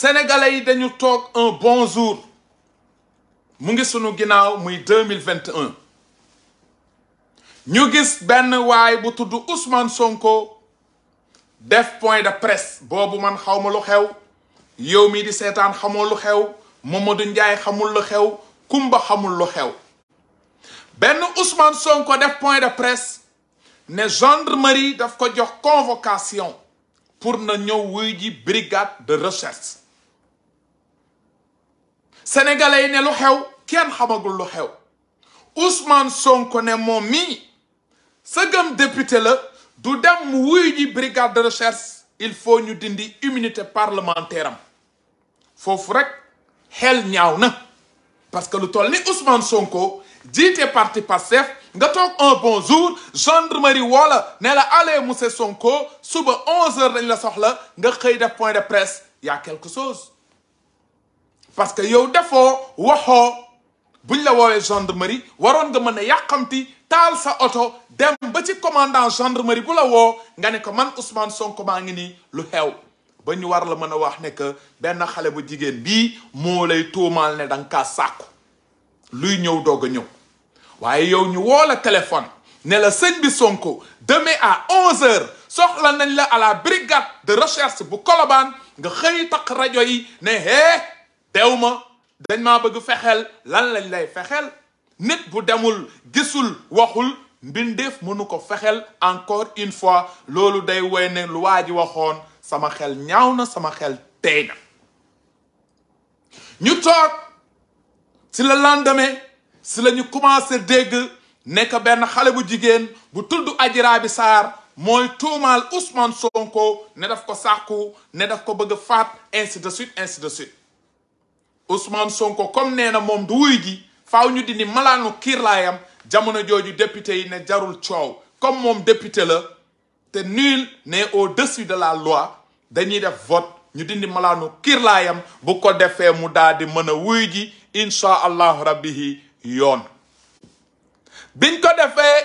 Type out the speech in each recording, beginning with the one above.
sénégalais yi dañu toog un bon jour mu ngi sunu ginnaaw muy deux mille vingt un ñu gis benn waay bu tudd Ousmane Sonko def point de presse boobu man xaw ma lu xew yow mii di seetaan xamoo lu xew Mamadou Ndiaye xamul lu xew Kumba xamul lu xew benn Ousmane Sonko def point de presse ne gendarmerie daf ko jox convocation pour na ñëw wuy ji brigade de recherche sénégalais yi ne lu xew kenn xamagul lu xew Ousmane Sonko ne moom mii sëgëm député la du dem wuy ji brigade de recherche il faut ñu dindi immunité parlementaire am foofu rek xel ñaaw na parce que lu toll ni Ousmane Sonko jiite parti Pastef nga toog un bon jour gendarmerie woola ne la allez monsieur Sonko suba 11h dañ la soxla nga xëy def point de presse y a quelque chose. parce que yow defoo waxoo buñ la woowee gendarmerie waroon nga mën a yàqamti taal sa oto dem ba ci commandant gendarmerie bu la woo nga ne ko man Ousmane Sonko maa ngi nii lu xew ba ñu war la mën a wax ne que benn xale bu jigéen bii moo lay tuumaal ne da nga kaa sàkku luy ñëw doog a ñëw waaye yow ñu woo la téléphone ne la sëñ bi Sonko demain à 11h soxla nañ la à la brigade de recherche bu Colobane nga xëy takk rajo yi ne hee. teew ma dañ maa bëgg fexeel lan lañ lay fexeel nit bu demul gisul waxul mbindeef mënu ko fexeel encore une fois loolu day woy ne lu waa ji waxoon sama xel ñaaw na sama xel tey na ñu toog ci la lendemain si lañu ñu commencé dégg nekk benn xale bu jigéen bu tudd Adji Raby Sarr mooy tuumaal Ousmane Sonko ne daf ko sàkku ne daf ko bëgg faat ainsi de suite ainsi de suite Ousmane Sonko comme nee na moom du wuy ji faaw ñu dindi malaanu kiirlaayam jamono jooju député yi ne jarul coow comme moom député la te nul n'est au-dessus de la loi dañuy def vote ñu dindi malaanu kiirlaayam bu ko defee mu daal di mën a wuy ji incha allahu rabbihi yoon biñ ko defee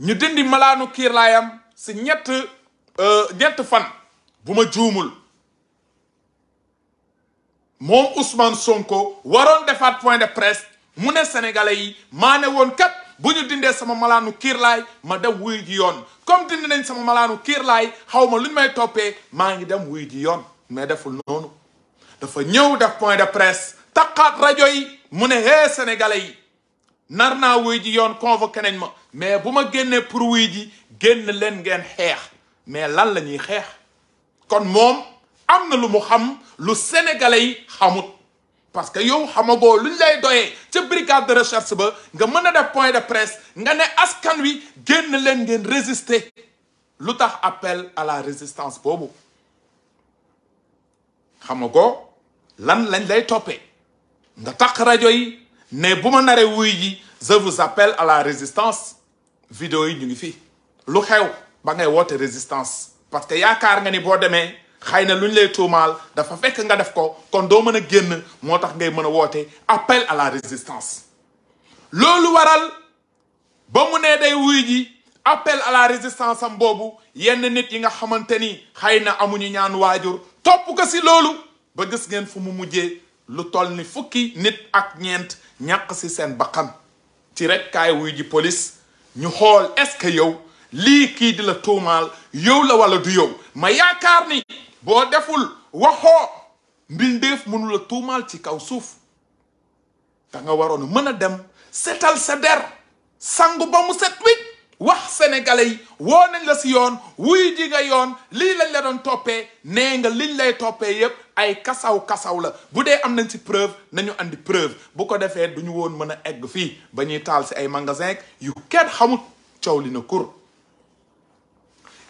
ñu dindi malaanu kiirlaayam si ñett euh, ñett fan bu ma juumul moom Ousmane Sonko waroon defaat point de presse mu ne sénégalais yi maa ne woon kat bu ñu dindee sama malaanu kiirlaay ma dem wuy ji yoon comme dindi nañ sama malaanu kiirlaay xaw ma lu ñu may toppee maa ngi dem wuy ji yoon mais deful noonu dafa ñëw def point de presse taqaat rajo yi mu ne hee sénégalais yi nar naa wuy ji yoon convoqué nañ ma mais bu ma génnee pour wuy ji génn leen ngeen xeex mais lan la ñuy xeex kon moom am na lu mu xam lu sénégalais yi xamut parce que yow xamagoo luñ lay doyee ca brigade de recherche ba nga mën a def point de presse nga ne askan wi génn leen ngeen résister lu tax appel à la résistance boobu xamagoo lan lañ lay toppe nga takk rajo yi ne bu ma naree wuy ji je vous appelle à la résistance vidéo yi ñu ngi fi lu xew ba ngay woote résistance parce que yaakaar nga ni boo demee xëy na lu ñu lay tuumaal dafa fekk nga def ko kon doo mën a génn moo tax ngay mën a woote appel à la résistance loolu waral ba mu nee day wuy ji appel à la résistance am boobu yenn nit yi nga xamante ni xëy na amuñu ñaan waajur topp ko si loolu ba gis ngeen fu mu mujjee lu toll ni fukki nit ak ñeent ñàq si seen bakkan ci rekkaay kaay wuy ji police ñu xool est-ce que yow lii kii di la tuumaal yow la wala du yow ma yaakaar ni boo deful waxoo mbindeef mënu mënula tuumaal ci kaw suuf da nga waroon mën a dem setal sa der sangu ba mu set wicc wax sénégalais yi woo nañ la si yoon wuy ji nga yoon lii lañ la doon toppee nee nga liñ lay toppee yépp ay kasaw kasaw la bu dee am nañ si preuve nañu indi preuve bu ko defee duñu woon mën a egg fii ba ñuy taal si ay magasin yu kenn xamut coow li na kur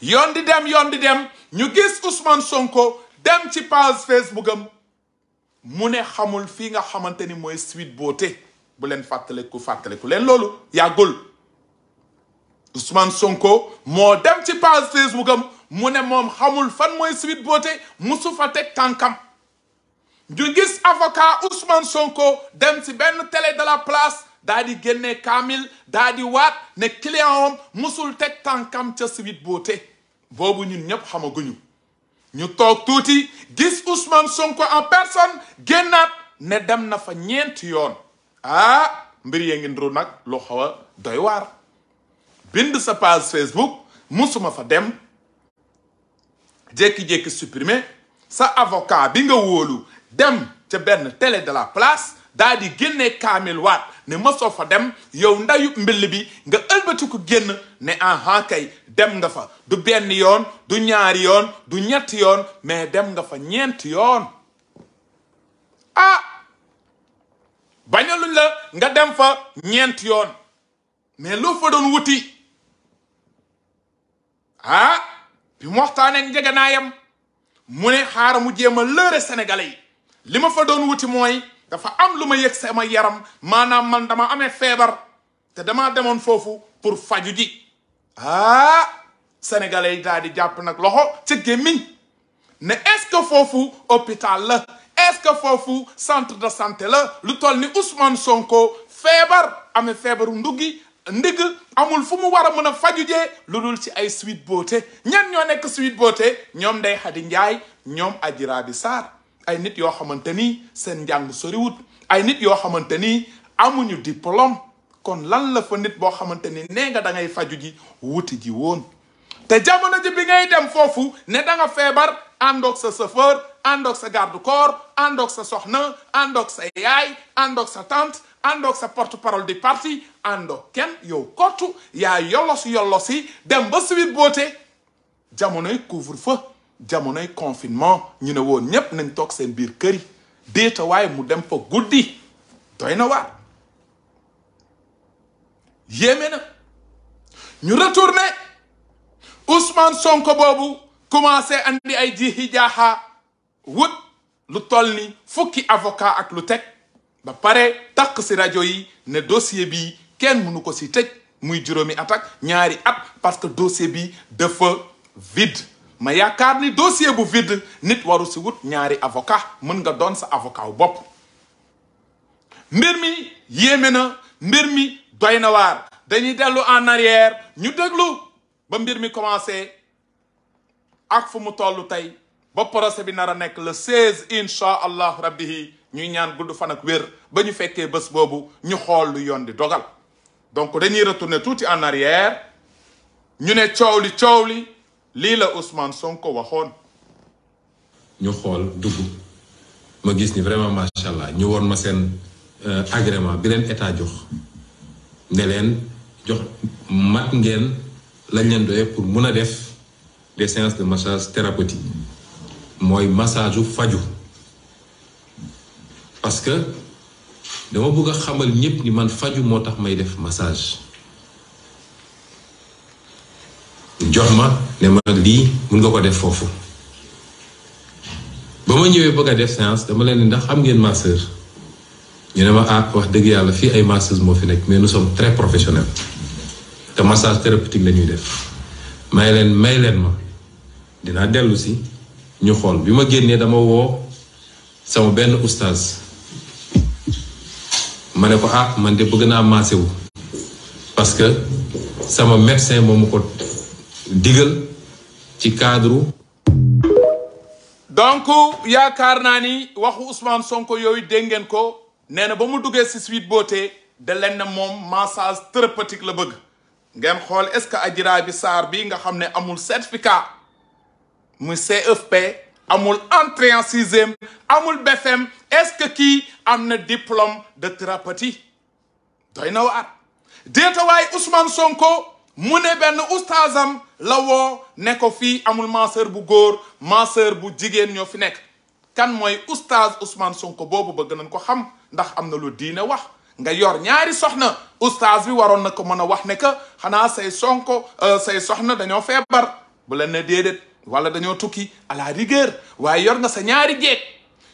yoon di dem yoon dem ñu gis Ousmane Sonko dem ci page Facebook am mu ne xamul fii nga xamante ni mooy Sweet Beauté bu leen fàttaliku fàttaliku leen loolu yàggul Ousmane Sonko moo dem ci page Facebook am mu ne moom xamul fan mooy Sweet Beauté musu fa teg tànkam ñu gis avocat Ousmane Sonko dem ci benn télé de la place daadi génne kaamil daa waat ne client am musul teg tànkam ca Sweet Beauté boobu ñu ñëpp xamaguñu ñu toog tuuti gis Ousmane Sonko en person génna ne dem na fa ñeenti yoon ah mbir yee ngi nduru nag lu xaw a doy waar bind sa page Facebook musuma fa dem jékki-jékki supprimer sa avocat bi nga woolu dem ca benn télé de la place daa di génnee kaamil waat ne mosoo fa dem yow ndayu mbill bi nga ëlbatiku génn ne aha kay dem nga fa du benn yoon du ñaar yoon du ñetti yoon mais dem nga fa ñeent yoon ah bañaluñ la nga dem fa ñeenti yoon mais loo fa doon wuti ah bi mu waxtaanee naayam mu ne xaaral mu jéem a lëre sénégalais lima li fa doon wuti mooy dafa am lu ma yëg sama yaram maanaam man dama amee feebar te damaa demoon foofu pour faju ji ah sénégalais yi di jàpp nag loxo ca gémmiñ ne est-ce que foofu hôpital la est-ce que foofu centre de santé la lu tol ni Ousmane Sonko feebar amee feebaru nduggi ndig amul fu mu war a mën a fajujee lu dul ci ay suite Beauté ñan ñoo nekk Sweet Beauté ñoom day Khady Ndiaye ñoom Adji Raby Sarr ay nit yoo xamante ni seen njàng soriwut ay nit yoo xamante ni amuñu diplôme kon lan la fa nit boo xamante ni nee nga da ngay faju ji wuti ji woon te jamono ji bi ngay dem foofu ne da feebar àndoog sa chauffeur àndoog sa garde corps àndoog sa soxna àndoog sa yaay àndoog sa tante àndoog sa porte parole du parti àndoog kenn yow kottu yaa yollosi yollosi dem ba suite boote jamonoy couvre feu jamonoy confinement ñu ne woon ñépp nañ toog seen biir kër yi déeta waaye mu dem fa guddi doy na waar yéeme na ñu retourné Ousmane Sonko boobu commencé andi ay jiixi jaaxa wut lu toll ni fukki avocat ak lu teg ba pare takk si rajo yi ne dossier bi kenn mënu ko si tëj muy juróomi at ñaari at parce que dossier bi dafa vide ma yaakaar ni dossier bu vide nit waru si wut ñaari avocat mën nga doon sa avocat wu bopp mbir mi yéeme na mbir mi doy na waar dañuy dellu en arrière ñu déglu ba mbir mi commencé ak fu mu toll tey ba procès bi nar a nekk le 16 incha allah rabbihi ñuy ñaan gudd fan ak wér ba ñu fekkee bës boobu ñu xool lu yoon di dogal donc dañuy retourner tuuti en arrière ñu ne coow li coow li lii la Ousmane ko waxoon. ñu xool dugg ma gis ni vraiment macha allah ñu woon ma seen euh, agrément bi leen état jox ne leen jox mat ngeen lañ leen doyee pour mun a def des séances de massage thérapeutique mooy massage faju parce que dama bëgg a xamal ñëpp ni man faju moo tax may def massage. jox ma ne ma lii mun nga ko def foofu ba ma ñëwee bëgg a def séance dama leen ndax am ngeen masseur ñu ne ma ah wax dëgg yàlla fii ay masseuses moo fi nekk mais nous sommes très professionnels te massage thérapeutique la ñuy def may leen may leen ma dinaa dellu si ñu xool bi ma génnee dama woo sama benn oustaz ma ne ko ah man de bëgg naa massé wu parce que sama médecin moomu ko digal ci cadre. donc yaakaar naa ni waxu Ousmane Sonko yooyu dégg ngeen ko nee na ba mu duggee si Sweet Beauté da leen ne moom massage thérapeutique la bëgg ngeen xool est-ce que Adji bi Sarr bi nga xam ne amul certificat muy CFP amul entrée en sixième amul BFM est-ce que kii am na diplôme de thérapeutique doy na waar déeta waay Ousmane Sonko mu ne benn oustazam la woo ne ko fii amul masseur bu góor masseur bu jigéen ñoo fi nekk kan mooy oustaz Ousmane Sonko boobu bëgg nañ ko xam ndax am na lu diine wax nga yor ñaari soxna oustaz bi waroon na ko mën a wax ne que xanaa say sonko euh, say soxna dañoo feebar bu la ne déedéet wala dañoo tukki à la waaye yor nga sa ñaari jeeg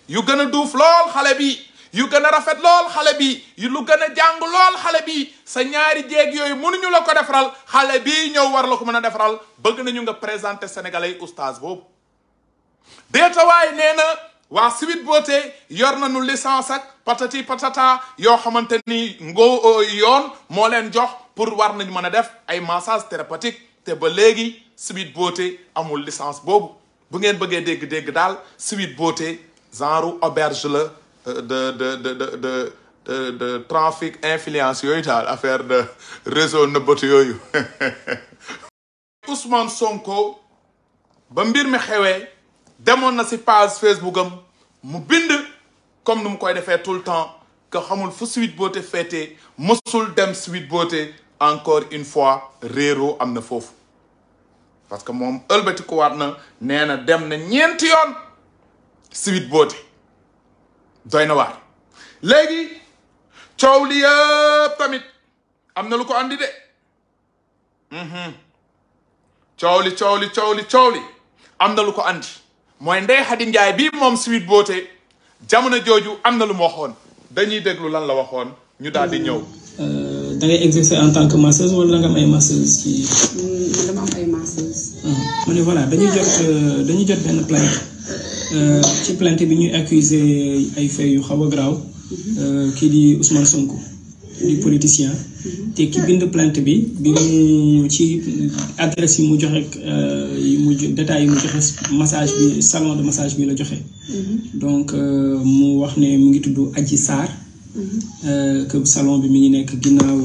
yu gën duuf lool xale bi yu gën a rafet lool xale bi lu gën a jàng lool xale bi sa ñaari jéeg yooyu mënuñu la ko defaral xale bi ñëw war la ko mën a defaral bëgg nañu nga présenté sénégalais yi boobu. deetawaay nee na waa Sweet boote yor nañu licence ak patati patata yoo xamante ni ngoo yoon moo leen jox pour war nañu mën a def ay massage thérapeutique te ba léegi Sweet Beauté amul licence boobu bu ngeen bëggee dégg-dégg daal Sweet Beauté genre auberge la. de de de de de trafic influence yooyu daal affaire de réseau nëbbatu yooyu Ousmane Sonko ba mbir mi xewee demoon na si page Facebook am mu bind comme nu mu koy defee tout le temps que xamul fu Sweet Beauté féete mosul dem Sweet boote encore une fois réeroo am na foofu parce que moom ëlbatikuwaat na nee na dem na ñeenti yoon Sweet Beauté doy na waar léegi coow li yëpp tamit am na lu ko andi de mhm. coow li coow li coow li coow li am na lu ko andi mooy Ndeye Khady Ndiaye bii moom Sweet Beauté jamono jooju am na lu mu waxoon dañuy déglu lan la waxoon ñu daal di ñëw. Euh, da ngay exercer en tant que masseuse wala da nga am ay masseuse ci. Mm, dama am ah, dañuy jot euh, dañuy jot benn plainte. Euh, ci plainte bi ñu accusé ay faits yu xaw a graaw euh, kii di Ousmane Sonko di politicien te ki bind plainte bi bi mu ci adresse yi mu joxe euh, yi mu détails yi joxe massage bi salon de massage bi la joxe donc mu wax ne mu ngi tudd Adji Sarr que salon bi mi ngi nekk ginnaaw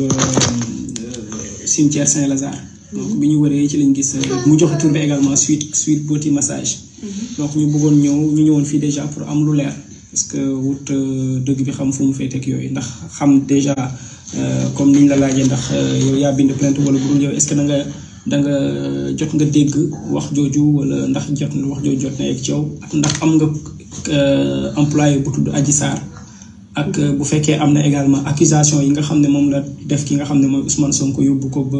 cimetière Saint-Lazare donc bi ñu waree ci lañ gis mu jox tur bi également suite suite beauty massage Mhm. donc ñu bëggoon ñëw ñu ñëwoon fii déjà pour am lu leer parce que wut euh, dëgg bi xam fu mu féeteeg yooyu ndax xam déjà euh, comme niñ la laajee ndax euh, yow yaa bind plainte wala bu dul yow est-ce da nga da jot nga dégg wax jooju wala ndax jot wax jooju jot na ci yow ndax am nga employé bu tudd Adji Sarr ak bu fekkee am na également accusation yi nga xam ne moom la def ki nga xam ne mooy Ousmane Sonko yóbbu ko ba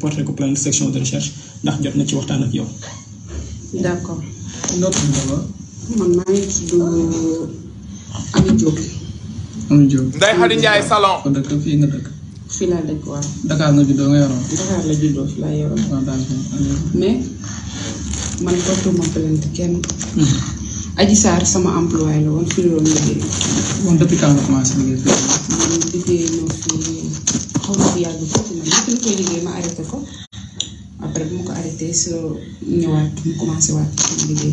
porté ko plainte section de recherche ndax jot na ci waxtaan ak yow. d'accord. nga tudd dama. man maa ngi tudd euh, Ami Diop. Ami Diop. Ndeye Khady Ndiaye Salon. kon dëkk fii nga dëkk. fii laa dëkk waaw. Dakar nga juddoo nga yoroon. mais man portuma plainte kenn. Hmm. Adji Sarr sama employé la woon fii la doon liggéey. moom depuis quand nga commencé liggéey fii. man liggéey na fii xaw fi yàgg foofu nag ñëpp ñu koy liggéey ma arrêté ko. après bu ma ko arrêté soo ñëwaat mu commencé waat sama liggéey.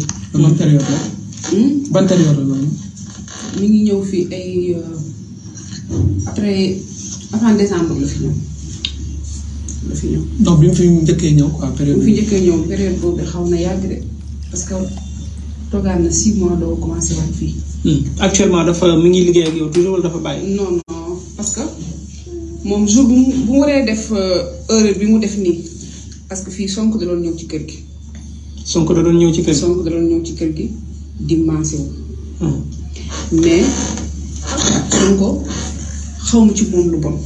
ban période hmm? ngi ñëw fii ay euh, après avant décembre la fi ñëw la fi ñëw. donc bi mu fi njëkkee ñëw ko période. bi fi njëkkee ñëw période boobu xaw na yàgg de parce que toogaan na six mois doo commencé waat fii. Hmm. actuellement dafa mi ngi liggéey ak yow toujours wala dafa bàyyi. non non parce que moom jour bu mu bu mu waree def euh, heure bi mu def nii. parce que fii Sonko da doon ñëw ci kër gi. Sonko da doon ñëw ci kër gi Sonko da ci kër gi di maase hmm. mais Sonko xaw ci moom lu bon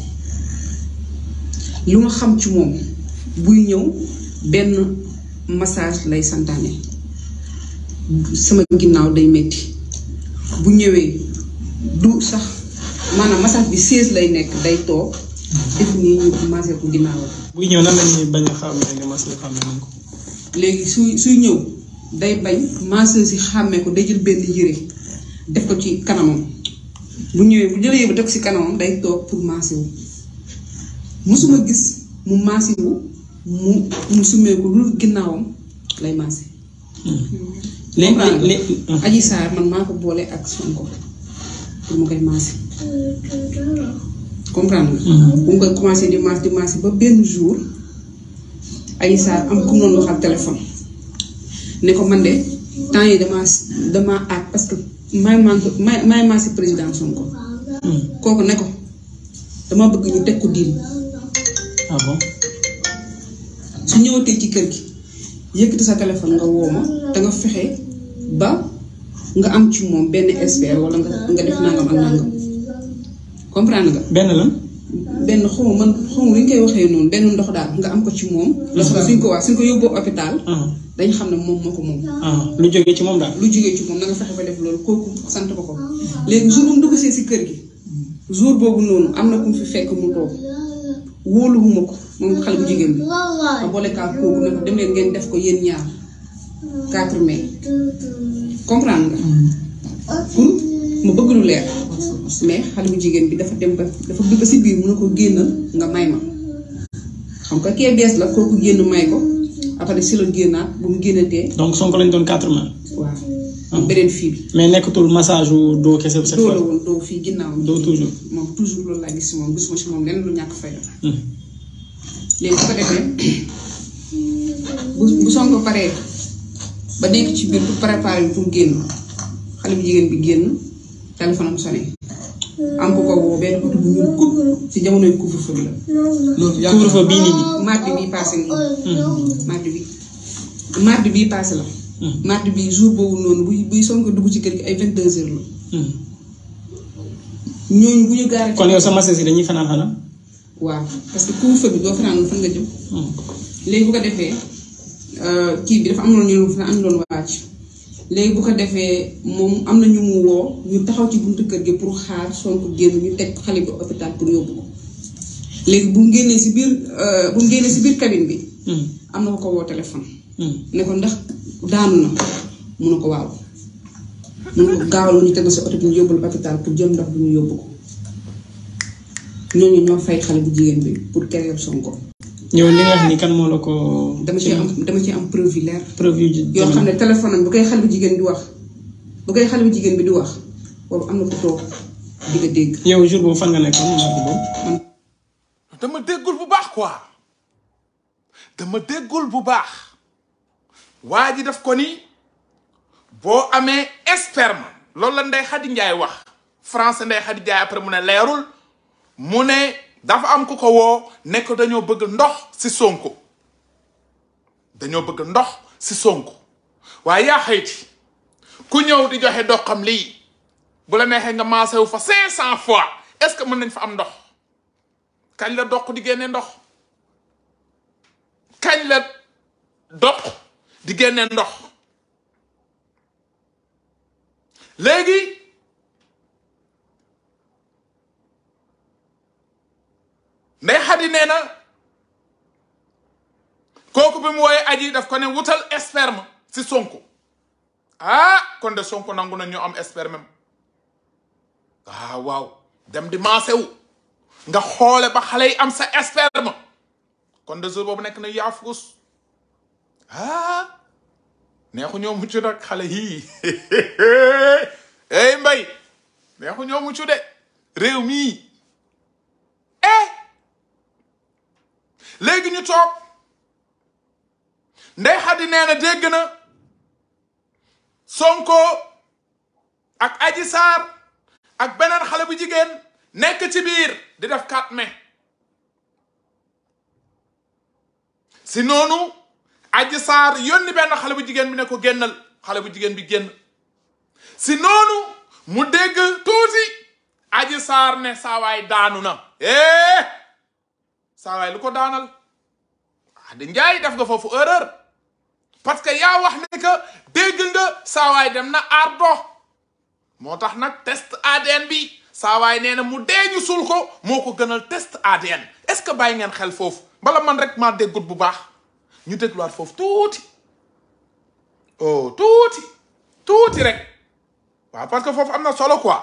lu ma xam ci moom buy ñëw benn massage lay santaane sama ginnaaw day metti bu ñëwee du sax maanaam massage bi 16 lay nekk day toog. def nii ñu commencé ko ginnaaw buy ñëw nan la ñuy bañ a xàmmee ne masse la xàmmee nañ ko. léegi suy suy ñëw day bañ masseuse si xàmmee ko day jël benn yére def ko ci kanamam bu ñëwee bu jëlee bu def ko ci kanamam day toog pour masse wu mosuma gis mu masse wu mu mu ko lu ginnaawam lay masse. Hmm. léegi léegi Adji ah. man maa ko boole ak Sonko pour mu koy masse. Euh, comprendre nga. bu mhm. mu koy commencé dimanche dimanche ba benn jour ay saa am ku mu doon waxal téléphone ne ko man de temps yi damaa damaa parce que may maa may may maa ko mhm. kooku ne ko dama bëgg ñu teg ko diin. su ah bon. su ci kër gi yëkkati sa téléphone nga wooma danga fexe ba nga am ci moom benn espère wala nga nga def nangam ak nangam. comprendre nga. benn lan. benn xaw man xaw ma ñu koy waxee noonu benn ndox daal nga am ko ci moom. ndox daal suñ ko waa suñ ko yóbboo hôpital. Ah. dañ xam ne moom moo ko moom. Ah. lu jógee ci moom daal. lu jógee ci moom na nga fexe ba def loolu kooku sant ko ko léegi jour bu mu dugg see si kër gi jour boobu noonu am na ku mu fi fekk mu toog wóoluwuma ko moom xale bu jigéen bi nga boole kaa kooku ne ko ngeen def ko yéen ñaar 4 mai comprendre nga. Mm. mu bëgg lu leer mais xale bu jigéen bi dafa dem ba dafa dugg si biir mun na ko génnal nga may ma xam nga kee bees la kooku génn may ko après si la génnaat bu mu génnatee. donc Sonko lañ doon quatre mains. waaw ah. fii mais nekkatul massage doo kese. doo la woon fii ginnaaw. doo toujours moom toujours loolu laa gis si moom lu ñàkk fay la. Hmm. léegi su ko bu Sonko paree ba nekk ci biir bu préparé pour génn xale bu jigéen bi génn. téléphone am sonné am ko ko woo benn oto bu ñuul kub ci jamonoy couvre-feu bi la. loolu yàlla couvre bii nii nii. Ah, bii passé hmm. bi mardi bii passé la. Hmm. mardi bii jour boobu noonu buy buy Sonko dugg ci kër gi ay vingt deux heures la. Hmm. ñooñu bu ñu gaaree. kon yow sama sës yi dañuy fanaan xanaa. waaw parce que couvre bi doo fanaan fan nga jëm. léegi bu ko defee euh, kii bi dafa am loolu ñu am loolu wàcc. léegi bu ko defee moom am na ñu mu woo ñu taxaw ci buntu kër gi pour xaar Sonko génn ñu teg xale bi hôpital pour yóbbu ko léegi bu mu génnee si biir euh, bu mu génnee si biir cabine bi. Hmm. am na ko ko woo téléphone. Hmm. ne ko ndax daanu na mun na ko waaw. mun na ko gaawal ñu teg na si oto bi ñu yóbbul hôpital pour jëm ndox bi ñu yóbbu ko ñooñu ñoo fay xale bu jigéen bi pour kereeb Sonko yow li nga wax ni kan moo la ko. dama ci am dama ci am preuve yu leer. xam ne téléphone bu koy xale bu jigéen di wax bu koy xale bu jigéen bi di wax boobu am na ko toog di dégg. yow jour boobu fan nga ne mardi dama déggul bu baax quoi dama déggul bu baax waa ji daf ko ni boo amee esperme loolu la Ndeye Khady Ndiaye wax français Ndeye Khady Ndiaye après mu ne leerul mu ne. dafa am ku ko woo nekk dañoo bëgg ndox si Sonko dañoo bëgg ndox si Sonko waaye yaa xayti ku ñëw di joxe doxam lii bu la neexee nga maasé wu fa cinq cent fois est-ce que mën nañ fa am ndox kañ la doq di génne ndox kañ la doq di génne ndox léegi nday xadi nee na kooku bi mu wooyee aji def ko ne wutal sperme si sonko ah kon de sonko nangu na ñu am sperme ah waaw dem di maase wu nga xoole ba xale yi am sa sperme kon de jour boobu nekk na yaafuus ah neexu ñoo xale yii mbay neexu ñoo mucc de réew mii eh léegi ñu toog ndey xadi nee na dégg na Sonko ak Adji Sarr ak beneen xale bu jigéen nekk ci biir di def 4 mai si noonu Adji Sarr yónni benn xale bu jigéen bu ne ko génnal xale bu jigéen bi génn si noonu mu dégg tuuti Adji Sarr ne saawaay daanu na eh saa waay lu ko daanal ah di njaay def nga foofu erreur parce que yaa wax ne que dégg nga saa waay dem na ardo moo tax nag test ADN bi saa waay nee na mu dee ñu suul ko moo ko gënal test ADN est-ce que bàyyi ngeen xel foofu bala man rek maa déggut bu baax ñu dégluwaat foofu tuuti oh tuuti tuuti rek waaw parce que foofu am na solo quoi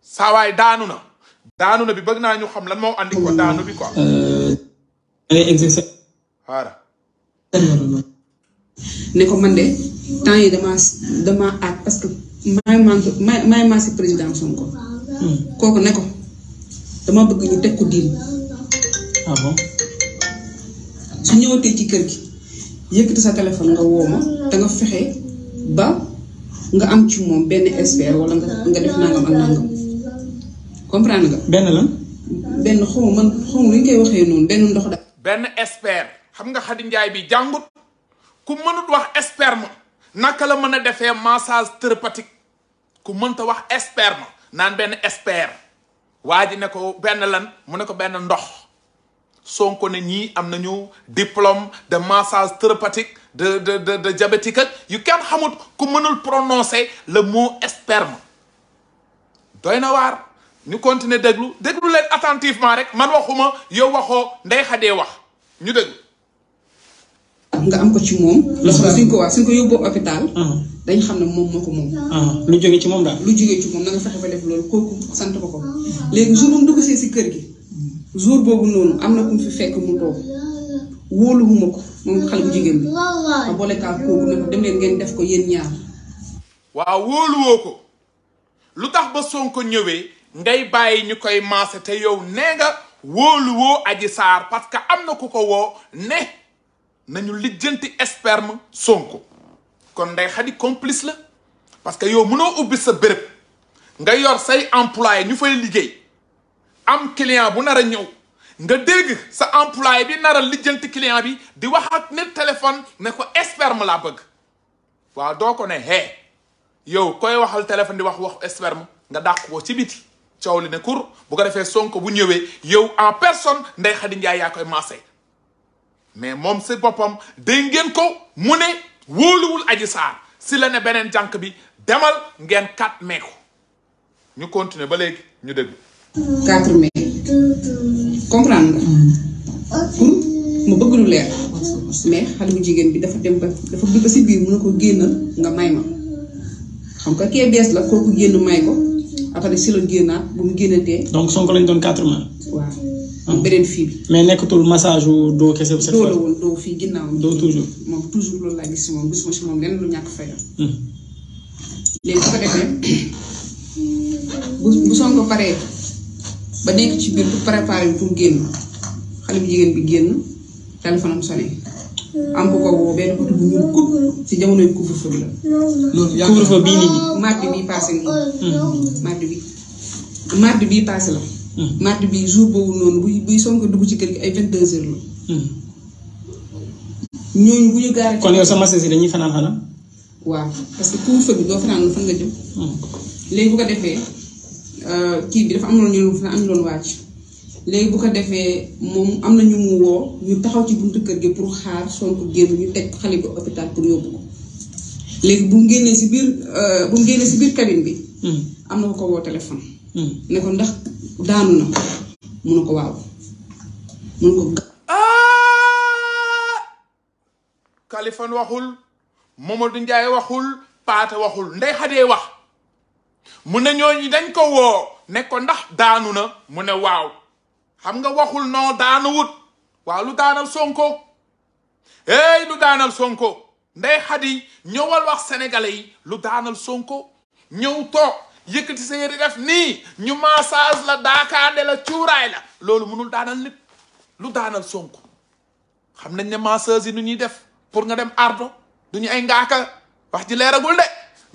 saa waay daanu na. daanu na bi bëgg naa ñu xam lan moo andi ko daanu bi quoi. Euh, dangay ko man de temps yi damaa damaa aat parce que maay maay maay maasi président Sonko. Hmm. kooku ne ko dama bëgg ñu teg ko diin. ah bon. su ci kër gi yëkkati sa téléphone nga woo ma te nga fexe ba nga am ci moom benn espère wala nga nga def nangam ak nangam. comprendre nga. benn la. benn xaw man xaw waxee noonu benn ndox da benn expert xam nga Khady bi jàngut ku mënut wax expert ma naka la mën a defee massage thérapeutique ku mënta wax expert naan benn esper waa ji ne ko benn lan mu ne ko benn ndox Sonko ne ñii am nañu diplôme de massage thérapeutique de de de de diabétique ak yu kenn xamut ku mënul prononcer le mot sperme doy na waar. ñu continuer déglu déglu leen attentivement rek man waxuma yow waxoo ndey xadee wax ñu déglu. nga am ko ci moom. suñ ko wax suñ ko yóbboo ah. dañ xam ne moom ko moom. Ah. lu jógee ci moom daal. lu jógee ci moom na nga ba loolu kooku sant ko léegi jour bu see si kër gi jour boobu noonu am na ku mu fi ko moom xale bu bi ma boolekaal kooku leen ngeen def ko yéen ñaar. waaw wóoluwoo ko lu tax ba Sonko ñëwee. ngay bàyyi ñu koy maase te yow nee nga wóolu woo aji saar parce que am na ku ko woo ne nañu lijjanti sperme Sonko kon nday xadi complice la parce que yow mënoo ubbi sa bërëb nga yor say employé ñu fay liggéey am client bu nar ñëw nga dégg sa employé bi nar a lijjanti client bi di wax ak nit téléphone ne ko sperme laa bëgg waaw doo ko ne hee yow koy waxal téléphone di wax wax sperme nga dàq ko ci biti coow li ne bu ko defee Sonko bu ñëwee yow en personne Ndeye Khady Ndiaye mais moom si boppam dégg ngeen ko mu ne wóoluwul Adji Sarr si la ne beneen jànk bi demal ngeen 4 mai ko ñu continuer ba léegi ñu dégg. 4 mai comprendre nga mu bëgg lu leer mais xale bu jigéen bi dafa dem ba dafa bëgg si biir mën na ko génn nga may ma xam nga kee bees la kooku génn may ko. après si la génnaat bu mu génnatee. donc Sonko lañ doon quatre mois. waaw ah. beneen fii bi. mais nekkatul massage wu doo kese. cette fois doo la doo fii ginnaaw. doo toujours moom toujours loolu laa gis si moom gisuma si moom lenn ñàkk fayal. Hmm. léegi ko defee bu bu paree ba nekk ci biir pour préparer pour génn xale bu jigéen bi génn téléphone am am ko ko woo benn bu ñuul kub ci jamonoy couvre-feu bi la. loolu yàgg bii nii nii. mardi bii paase bi hmm. mardi bii paase la. Hmm. mardi bii jour boobu noonu buy buy Sonko dugg ci kër gi ay vingt deux heures la. Hmm. ñooñu bu ñu gaaree. kon yow sa marché dañuy fanaan xanaa. waaw parce que couvre-feu bi doo fanaan fan nga jëm. léegi bu ko defee euh, kii bi dafa am loolu ñu ne wàcc. léegi bu ko defee moom am na ñu mu woo ñu taxaw ci buntu kër gi pour xaar Sonko génn ñu teg xale bi hôpital pour yóbbu ko léegi bu mu génnee si biir euh, bu mu génnee bi. Hmm. am na ko ko woo téléphone. Hmm. ne ko ndax daanu na mun na ah! waxul Mamadou waxul Paate wax mu ne ñooñu dañ ko woo ne ko ndax daanu na mu ne waaw. xam nga waxul noo daanu wut waaw lu daanal sonko hey lu daanal sonko ndey xadi ñëwal wax sénégalais yi lu daanal sonko ñëw to yëkkati sa yëri def nii ñu massage la daakaande la cuuraay la loolu mënul daanal nit lu daanal sonko xam nañ ne massage yi nu ñuy def pour nga dem ardo du ñu ay ngaaka wax ji leeragul de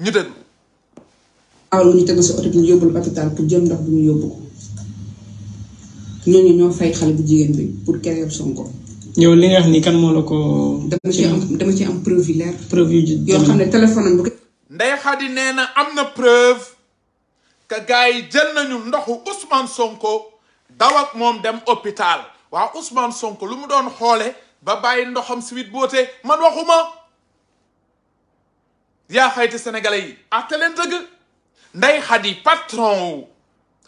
ñu déglu. waaw ñu teg sa oto ñu yóbbul hôpital pour jëm ndox bi ñu yóbbu ñooñu ñoo fay xale bu jigéen bi pour keroog Sonko. yow li nga wax ni kan moo la ko. dama ci am dama ci am preuve yu leer. preuve yu yoo xam ne téléphone bu. Ndeye Khady nee na am na preuve que gars yi jël nañu ndoxu Ousmane Sonko dawak moom dem hôpital waa Ousmane Sonko lu mu doon xoole ba bàyyi ndoxam Sweet Beauté man waxuma yaa xayti sénégalais yi. àtte leen dëgg Ndeye Khady patron wu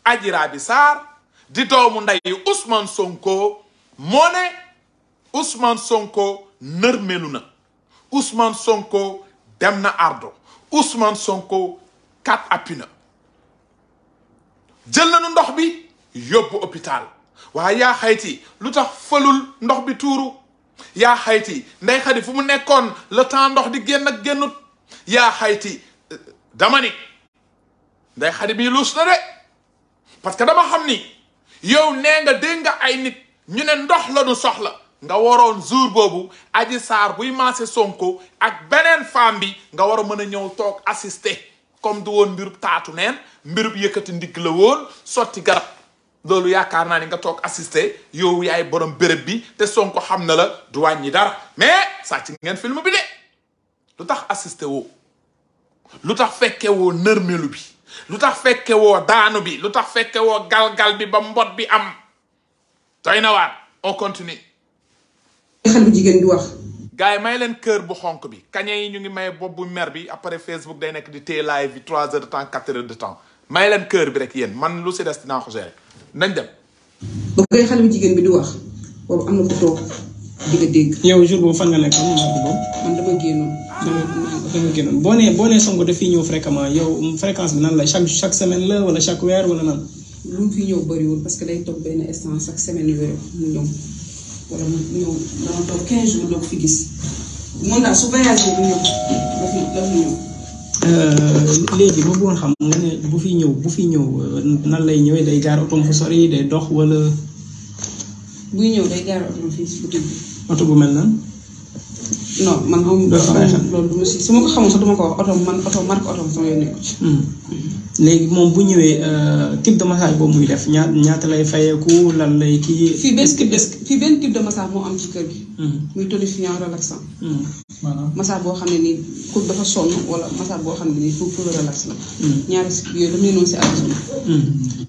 Adji Raby Sarr. di doomu ndeyu Ousmane Sonko moone ne Sonko nërmelu na Ousmane Sonko dem na ardo Ousmane Sonko kat jël na jël ndox bi yóbbu hôpital waaye yaa xayti lu tax fëlul ndox bi tuuru yaa xayti ndey xadi fu mu nekkoon le temps ndox di génn ak génnut yaa xayti dama ni ndey xadi bi luus na de parce que dama xam ni yow nee nga dégg nga ay nit ñu ne ndox la nu soxla nga waroon jour boobu aji saar buy maase sonko ak beneen femme bi nga war a mën a ñëw toog assister comme du woon mbirub taatu neen mbirub yëkkati ndigg la woon sotti garab loolu yaakaar naa ni nga toog assister yow yaay borom béréb bi te sonko xam na la du wàññi dara mais sàcc ngeen film bi de lu tax assister woo lu tax fekke woo nërmelu bi lu tax fekke woo daanu bi lu tax fekke woo galgal bi ba mbot bi am doy na waat on continue xale jigéen di wax gars yi may leen kër bu xonq bi kañe yi ñu ngi may bopp bu mer bi après facebook day nekk di tee live bi trois heures de temps quatre heures de temps may leen kër bi rek yéen man lu si des dinaa ko gérer nañ dem ba koy xale jigéen bi di wax boobu am na ko toog di dégg. yow jour boobu fan nga nekk moom mardi dama génnoon. boo nee boo nee Sonko daf ñëw fréquemment yow fréquence bi nan la chaque chaque semaine la wala chaque weer wala nan. lu fi ñëw bëriwul parce que day toog benn instant chaque semaine yooyu mu ñëw ñëw dama toog 15 jours doo ko fi gis moom daal su voyage bu ñëw daf daf ñëw. Euh, léegi ma bëggoon xam bu fi ñëw bu fi ñëw euh, lay ñëwee day gaar otom fu sori day dox wala. buy ñëw day jaar otom fii si oto bu mel nan non man xamuma loolu loolu du ma si su ma ko xamul sax du ma ko wax oto man oto marque oto sama yoon nekk ci. Hmm. léegi moom bu ñëwee euh, type de massage boobu muy def ñaata ñaata lay fayeeku lan lay kii. fii benn type de fii benn type de massage moo am ci kër gi. Hmm. muy tonifiant relaxant. maanaam massage boo xam ne nii ku dafa sonn wala massage boo xam ne nii pour pour relax la. Hmm. ñaari si yooyu dañuy noonu si àdduna.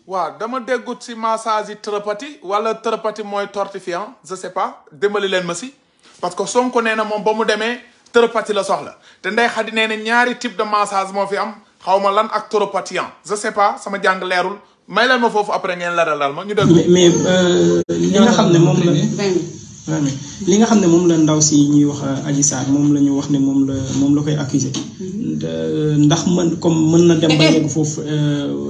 waaw dama déggut si massage yi thérapie wala thérapie mooy tortifiant je sais pas dimbali leen ma parce que Sonko nee na moom ba mu demee thérapeute la soxla te Ndeye Khady nee na ñaari type de massage moo fi am xaw lan ak thérapeute je pas sama jàng leerul may leen foofu après ngeen laralal ma ñu dégg. mais mais euh, li nga xam ne moom la. li nga xam ne moom la ndaw si ñuy wax euh, aji Sarr moom la ñu wax ne moom la moom la koy accusé mm-hmm. euh, ndax mën comme mën na dem ba yegg foofu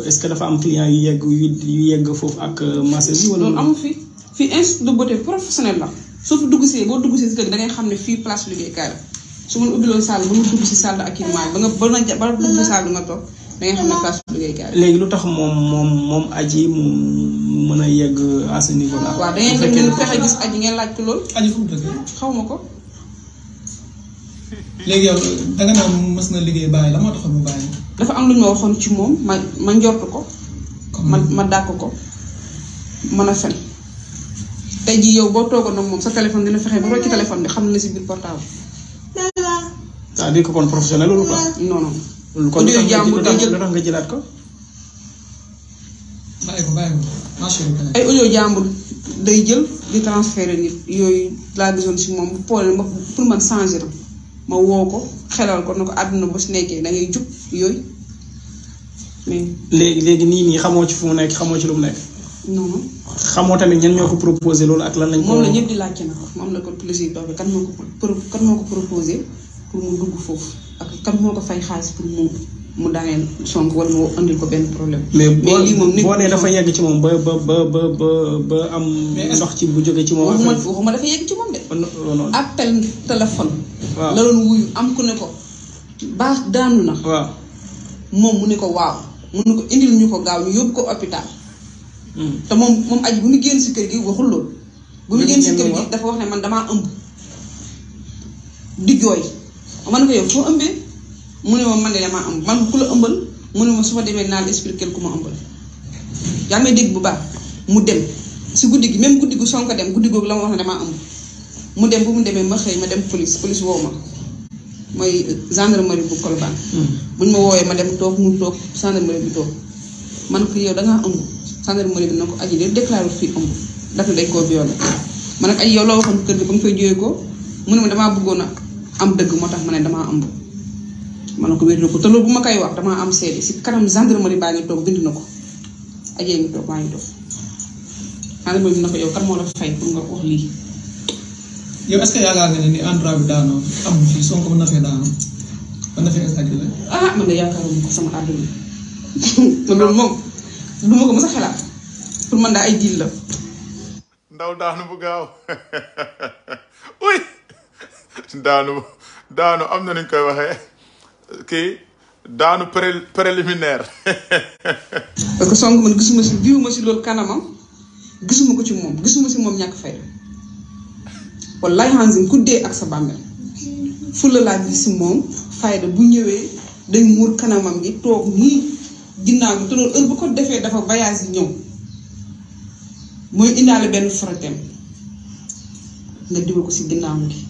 est-ce que dafa am client yu yegg yu yegg foofu ak massage. wala loolu amul fi fii institut de professionnel la. soo fi dugg si boo dugg si kër gi da xam ne fii place liggéeykaay la su ma ubbiloon salle ba nga dugg si salle ak climat ba nga ba nga ba dugg salle nga toog da ngay xam ne léegi lu tax moom moom moom aji mu mën a yegg à ce niveau da ngeen dem fexe gis aji laaj ko loolu. xaw ma ko. léegi yow danga na liggéey bàyyi la moo taxoon mu bàyyi. dafa am lu ñu ma waxoon ci moom ma ma njort ko. ma ma dàq ko mën a fen. tey jii yow boo toogoon nag moom sa téléphone dina fexe ba rocc téléphone bi xam na la si biir portable. c'est-à-dire que kon professionnel loolu quoi. non non. loolu kon lu tax ay audio jàmbur day jël di transférer yooyu laa gisoon si moom bu ma pour man changer la woo ko xelal ko na ko àdduna ba si nekkee da ngay jub yooyu. léegi léegi nii nii xamoo ci fu mu nekk xamoo ci lu mu nekk. non non. xamoo tamit ñan ñoo ko proposé loolu ak lan nañ moom la ñëpp di laajte nag moom la ko plaisir dox bi kan moo ko pro kan moo ko proposé pour mu dugg foofu ak kan moo ko fay xaalis pour mu mu daaneel Sonko wala mu andil ko benn problème. mais lii moom nit boo nee dafa yegg ci moom ba ba ba ba ba am. ndox ci bu jógee ci moom. waxuma waxuma dafa yegg ci moom de. Oh, appel téléphone. waaw la doon wuyu am ku ne ko. baax daanu na. moom mu ne ko waaw. mu ne ko indil ñu ko gaaw ñu yóbbu ko hôpital. Hmm. te moom moom aji bu mu génn si kër gi waxul loolu. bu mu génn si kër dafa wax ne man damaa ëmb. di man ko yow foo ëmbee mu ne ma man de man ku ëmbal mu ne ma su ma demee naa la expliquer ku ma bu baax mu dem si guddi gi même guddi gu Sonko dem guddi googu la wax ne damaa ëmb mu dem ba mu demee ma xëy ma dem police police woo ma. mooy gendarmerie bu Colobane. Hmm. buñ ma woowee ma dem toog mu toog gendarmerie bi toog man ko yow da ëmb. gendarmerie bi na ko aji de déclaré fii ëmb daf dañ koo violé ko mu ne bëggoon a am dëgg moo tax ma ne damaa ëmb ma na ko te bu ma koy wax damaa am seede si kanam gendarmerie baa ngi toog bind na ko ajee ngi toog maa ngi toog gendarmerie bi na ko yow kan moo la fay pour nga na fee daanoo mën ah man de yaakaaruma ko sama àdduna loolu moom. du ma ko mës a xalaat pour man daa ay diil la. ndaw daanu bu gaaw uy daanu daanu am na nuñ koy waxee kii daanu pré préliminaire. parce que Sonko man gisuma si gisuma si loolu kanamam gisuma ko ci moom gisuma si moom ñàkk fay wallaay Hanzim ku dee ak sa bàmmeel fulla laa gis si moom fayda bu ñëwee day muur kanamam gi toog nii. ginnaaw bi te loolu ko defee dafa voyage ñëw mooy indaale benn fratem nga dugal ko si ginnaaw gi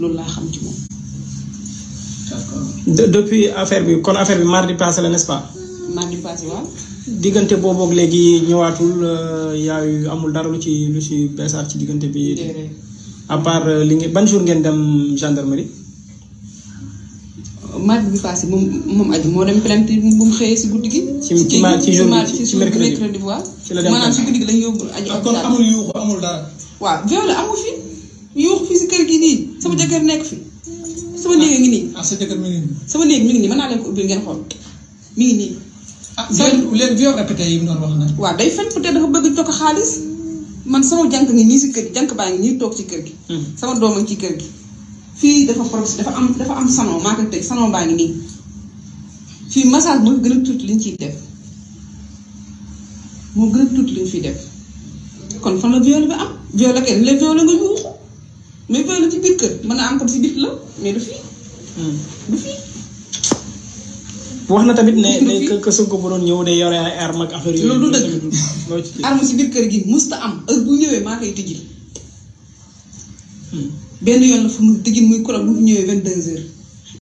loolu laa xam ci moom. depuis affaire bi kon affaire bi mardi passé la nest diggante boobu léegi ñëwaatul euh, yaayu amul dara lu ci lu ci beesaat ci diggante bi. à part euh, li ngeen ban jour ngeen dem gendarmerie. mardi bi passé moom moom aju moo dem plainte bu mu xëyee si guddi gi. ci ci ci jour ci ci mercredi bi ci si guddi gi lañ yóbbu aju. Ah, amul yuuxu amul dara. waaw viol amu fi yuuxu fi si kër gi nii sama hmm. jëkkër nekk fi sama néeg a ngi nii. ah ngi nii. sama néeg mi ngi nii mën naa leen ko ubbi ngeen xool mi ngi nii. ah viol leen viol répété yi mu doon wax nag. waa day fen peut-être dafa bëgg tokk xaalis man sama jànk ngi nii si kër gi jànk baa ngi ñu toog ci kër gi. Hmm. sama doom ci kër gi fii dafa xorom dafa am dafa am sanon maa ko teg sanon baa ngi nii fii massage moo gën a tuuti liñ ciy def moo gën tuuti liñ fi def kon fan la viol bi am viol la kenn le viol la nga yuuxu mais ci biir mën na am ko ci biir la mais du fii hmm. du wax na tamit ne ne que Sonko bu ñëw de yore ay arme ak affaire yooyu. loolu du ci biir kër gi musta am heure bu ñëwee maa koy tijji. Hmm. benn yoon la fu mu diggin muy kuréel bu mu ñëwee 22h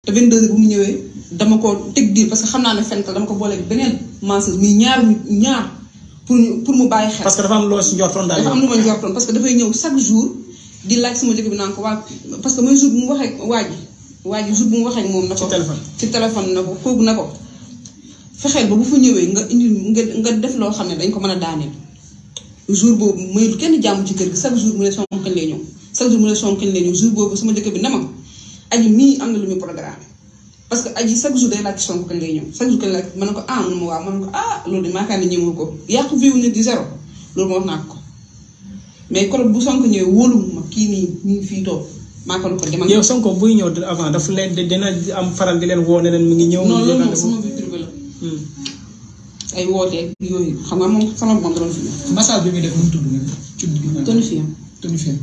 te 22h bu mu ñëwee dama ko teg diir parce que xam naa ne fenk dama ko booleeg beneen mensonge muy ñaar ñaar pour ñu pour mu bàyyi xel. parce que dafa am loo si njortoon daal am lu ma parce que dafay ñëw chaque jour di laaj sama liggéey bi naan ko parce que mooy jour bu mu waxee waa waa ji jour bu mu waxee moom. na ko na kooku na ko. fexeel ba bu fa ñëwee nga indi nga nga def loo xam ne dañ ko mën a daaneel jour boobu mooy kenn jàmm ci kër gi chaque jour mu ne sama kañ lay ñëw. chaque jour mu ne sonkiñ la ñu jour boobu sama dëkk bi na ma aji mii am na lu muy programme parce que aji chaque jour day laaj sonk kañ lay ñëw chaque jour kañ laaj mën na ko ah ma waaw mën ah, loolu de maakaar ne ko yàqu viwu nit di zéro loolu naa ko mais kolo bu sonk ñëwee wóolu kii nii ñu ngi fii toog maa ko ko demal yow sonko buy ñëw avant daf leen dina am faral di leen woo ne leen mi ngi ñëw non loolu moom sama vie privée la hmm. ay wootee xam nga moom sama moom da doon bi def mu tudd nag ci duñu fen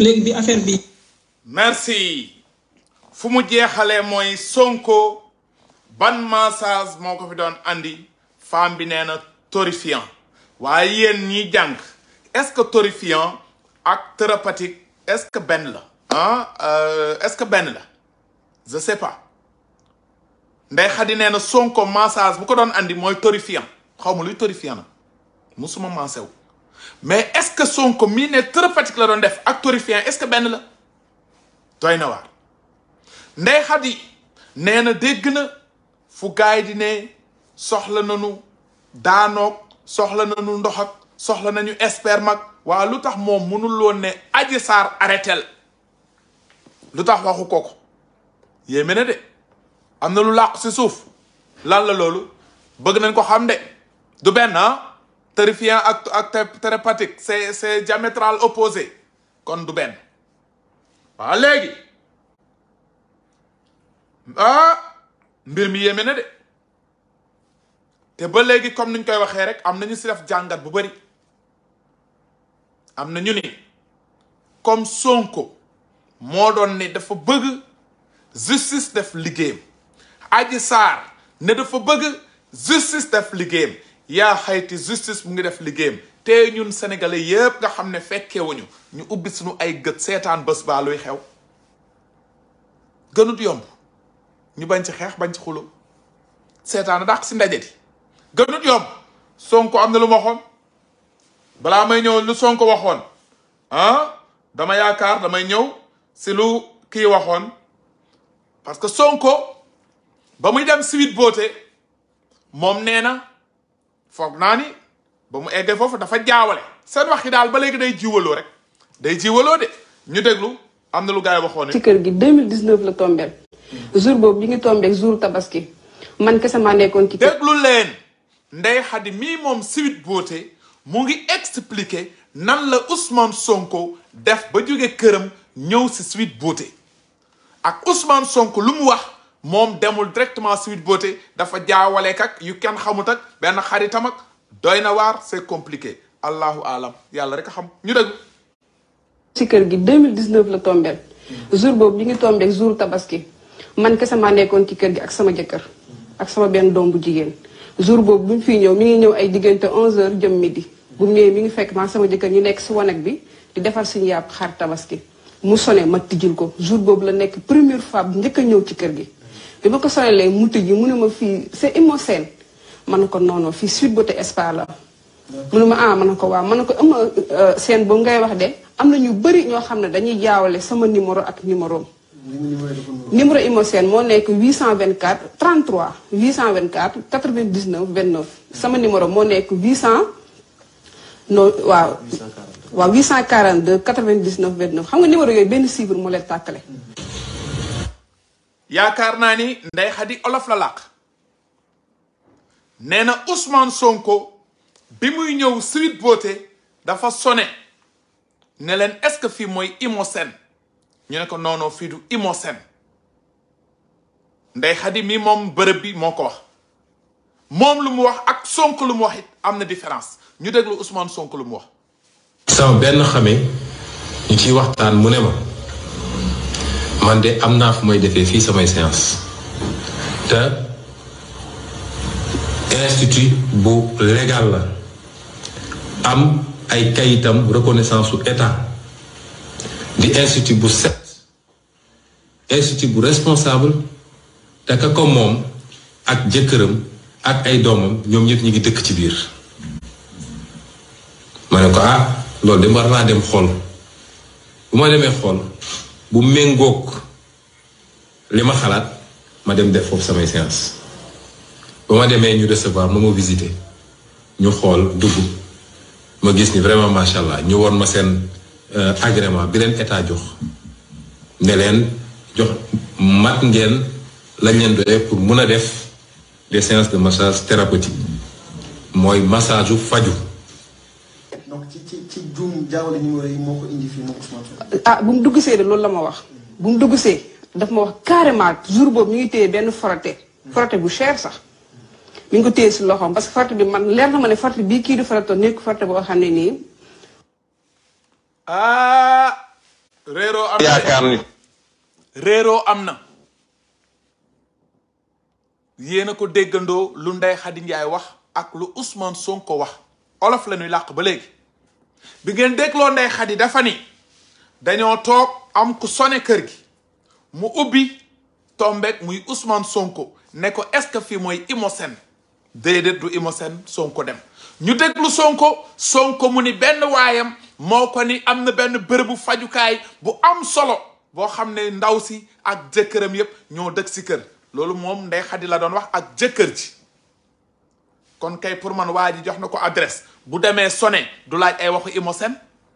mm-hmm. bi merci fu mu jeexalee mooy Sonko ban massage moo ko fi doon indi femme bi nee na torréfiant waaye yéen ñiy jàng est-ce que torréfiant ak thérapeutique est-ce que benn la ah euh, est-ce que benn la je sais pas ndey nee na Sonko massage bu ko doon indi mooy torréfiant xaw ma luy torifiant na musuma mansew mais est-ce que Sonko mii ne thérapeutique la doon def ak torifiant est-ce benn la doy na waar ndey Xadi nee na dégg na fu gaay di ne soxla nañu daanoog soxla nañu ndox ak soxla nañu sperme mag waa lu tax moom mënul woon ne Adji Sarr arrêtel lu tax waxu kooku yéeme na de am na lu làqu si suuf lan la loolu bëgg nañ ko xam de du benn ah, terrifiant ak ak thérapeutique c'est c'est diamétral opposé kon du benn waaw léegi ah mbir mi yéeme na de te ba léegi comme niñ koy waxee rek am nañu si def jàngat bu bari am na ñu ni comme Sonko moo doon ne dafa bëgg justice def liggéeyam Adji Sarr ne dafa bëgg justice def liggéeyam yaa xayti justice mu ngi def liggéeyam te ñun sénégalais yépp nga xam ne fekkewuñu ñu ubbi suñu ay gët seetaan bés baa luy xew gënut yomb ñu bañ ci xeex bañ ci xulo seetaan dàq si ndaje di gënut yomb sonko am na lu ma waxoon balaa may ñëw lu sonko waxoon ah dama yaakaar damay ñëw si lu kii waxoon parce que sonko ba muy dem Sweet boote moom nee na foog naa ni ba mu eggee foofu dafa jaawale seen wax yi daal ba léegi day jiwaloo rek day jiwaloo de ñu déglu am na lu gars yi waxoon ci kër gi 2019 la tombeel jour boobu ñu ngi tombeek jour tabaski man kese maa nekkoon ci déglu leen Ndeye Khady mii moom Sweet boote mu ngi expliqué nan la Ousmane Sonko def ba jóge këram ñëw si Sweet Beauté ak Ousmane Sonko lu mu wax moom demul directement Sweet Beauté dafa jaawaleek ak yu kenn xamut ak benn xaritam ak doy na waar c'est compliqué allahu alam yàlla rek a xam ñu dégg. ci kër gi 2019 la tombeel jour boobu ñu ngi tombeek jour tabaski man kese sama nekkoon ci kër gi ak sama jëkkër ak sama benn doom bu jigéen jour boobu bu ñu fiy ñëw mi ngi ñëw ay diggante 11h jëm midi bu mu ñëwee mi ngi fekk maa sama jëkkër ñu nekk si wanag bi di defar suñu yàpp xar tabaski mu sone ma tijjil ko jour boobu la nekk première fois bu ñëw ci kër gi. bi ma ko solalee mu tëj mu ne ma fii c'est Imosène ma ne ko noonu fii Sweet Beauté Spa la. mu ne ma ah ma ne ko waaw ma ne ko ama euh, seen boobu ngay wax de am na ñu bëri ñoo xam ne dañuy jaawale sama numéro ak numéro numéro Imosène moo nekk 824 33 824 99 29 sama numéro moo nekk 800. non waaw. 842 waaw 842 99 29 xam nga numéro yooyu benn chiffre moo leen tàkkale. yaakaar naa ni Ndey Xadi Olof la làq nee na Ousmane Sonko bi muy ñëw Sweet Beauté dafa sone ne leen est-ce que fii mooy Imosène ñu ne ko noonoo fii du Imosène Ndey Xadi mi moom bërëb bi moo ko wax moom lu mu wax ak sonk lu mu waxit am na différence ñu déglu Ousmane Sonko lu mu wax sama benn xame ñu ciy waxtaan mu ne ma man de am naa fu may defee fii samay séance te institut bu légal la am ay kayitam reconnaissance su état di institut bu set institut bu responsable te ka ko moom ak jëkkëram ak ay doomam ñoom ñëpp ñu ngi dëkk ci biir ma ne ko ah loolu de war naa dem xool bu ma demee xool bu méngoog li ma xalaat ma dem def foofu samay séance ba ma demee ñu recevoir ma ma visité ñu xool dugg ma gis ni vraiment macha allah ñu woon ma seen euh, agrément bi leen état jox ne leen jox mat ngeen lañ leen doyee pour mun a def des séances de massage thérapeutique mooy massage faju jaawale numéro yi moo ko indi fii moom Ousmane ah dugg see de loolu la ma wax. bu mu dugg see daf ma wax carrément jour boobu ngi téye benn forote. forote bu cher sax. mi ko téye si loxoom parce que forote bi man leer ma ne forote bii kii du forote nekk forote boo xam ne nii. ah. am na yéen a ko déggandoo lu Ndeye Khady wax ak lu Ousmane Sonko wax olof la ñuy làq ba léegi. bi ngeen dégloo ndey xadi dafa ni dañoo toog am ku sone kër gi mu ubbi tombek muy Ousmane Sonko ne ko est-ce que fii mooy Imosène déedéet du Imosène Sonko dem ñu déglu Sonko Sonko mu ni benn waayam moo ko ni am na benn bërëbu fajukaay bu am solo boo xam ne ndaw si ak jëkkëram yépp ñoo dëkk si kër loolu moom ndey xadi la doon wax ak jëkkër ji kon kay pour man waa ji jox na ko adresse bu demee sone du laaj ay waxu Imosène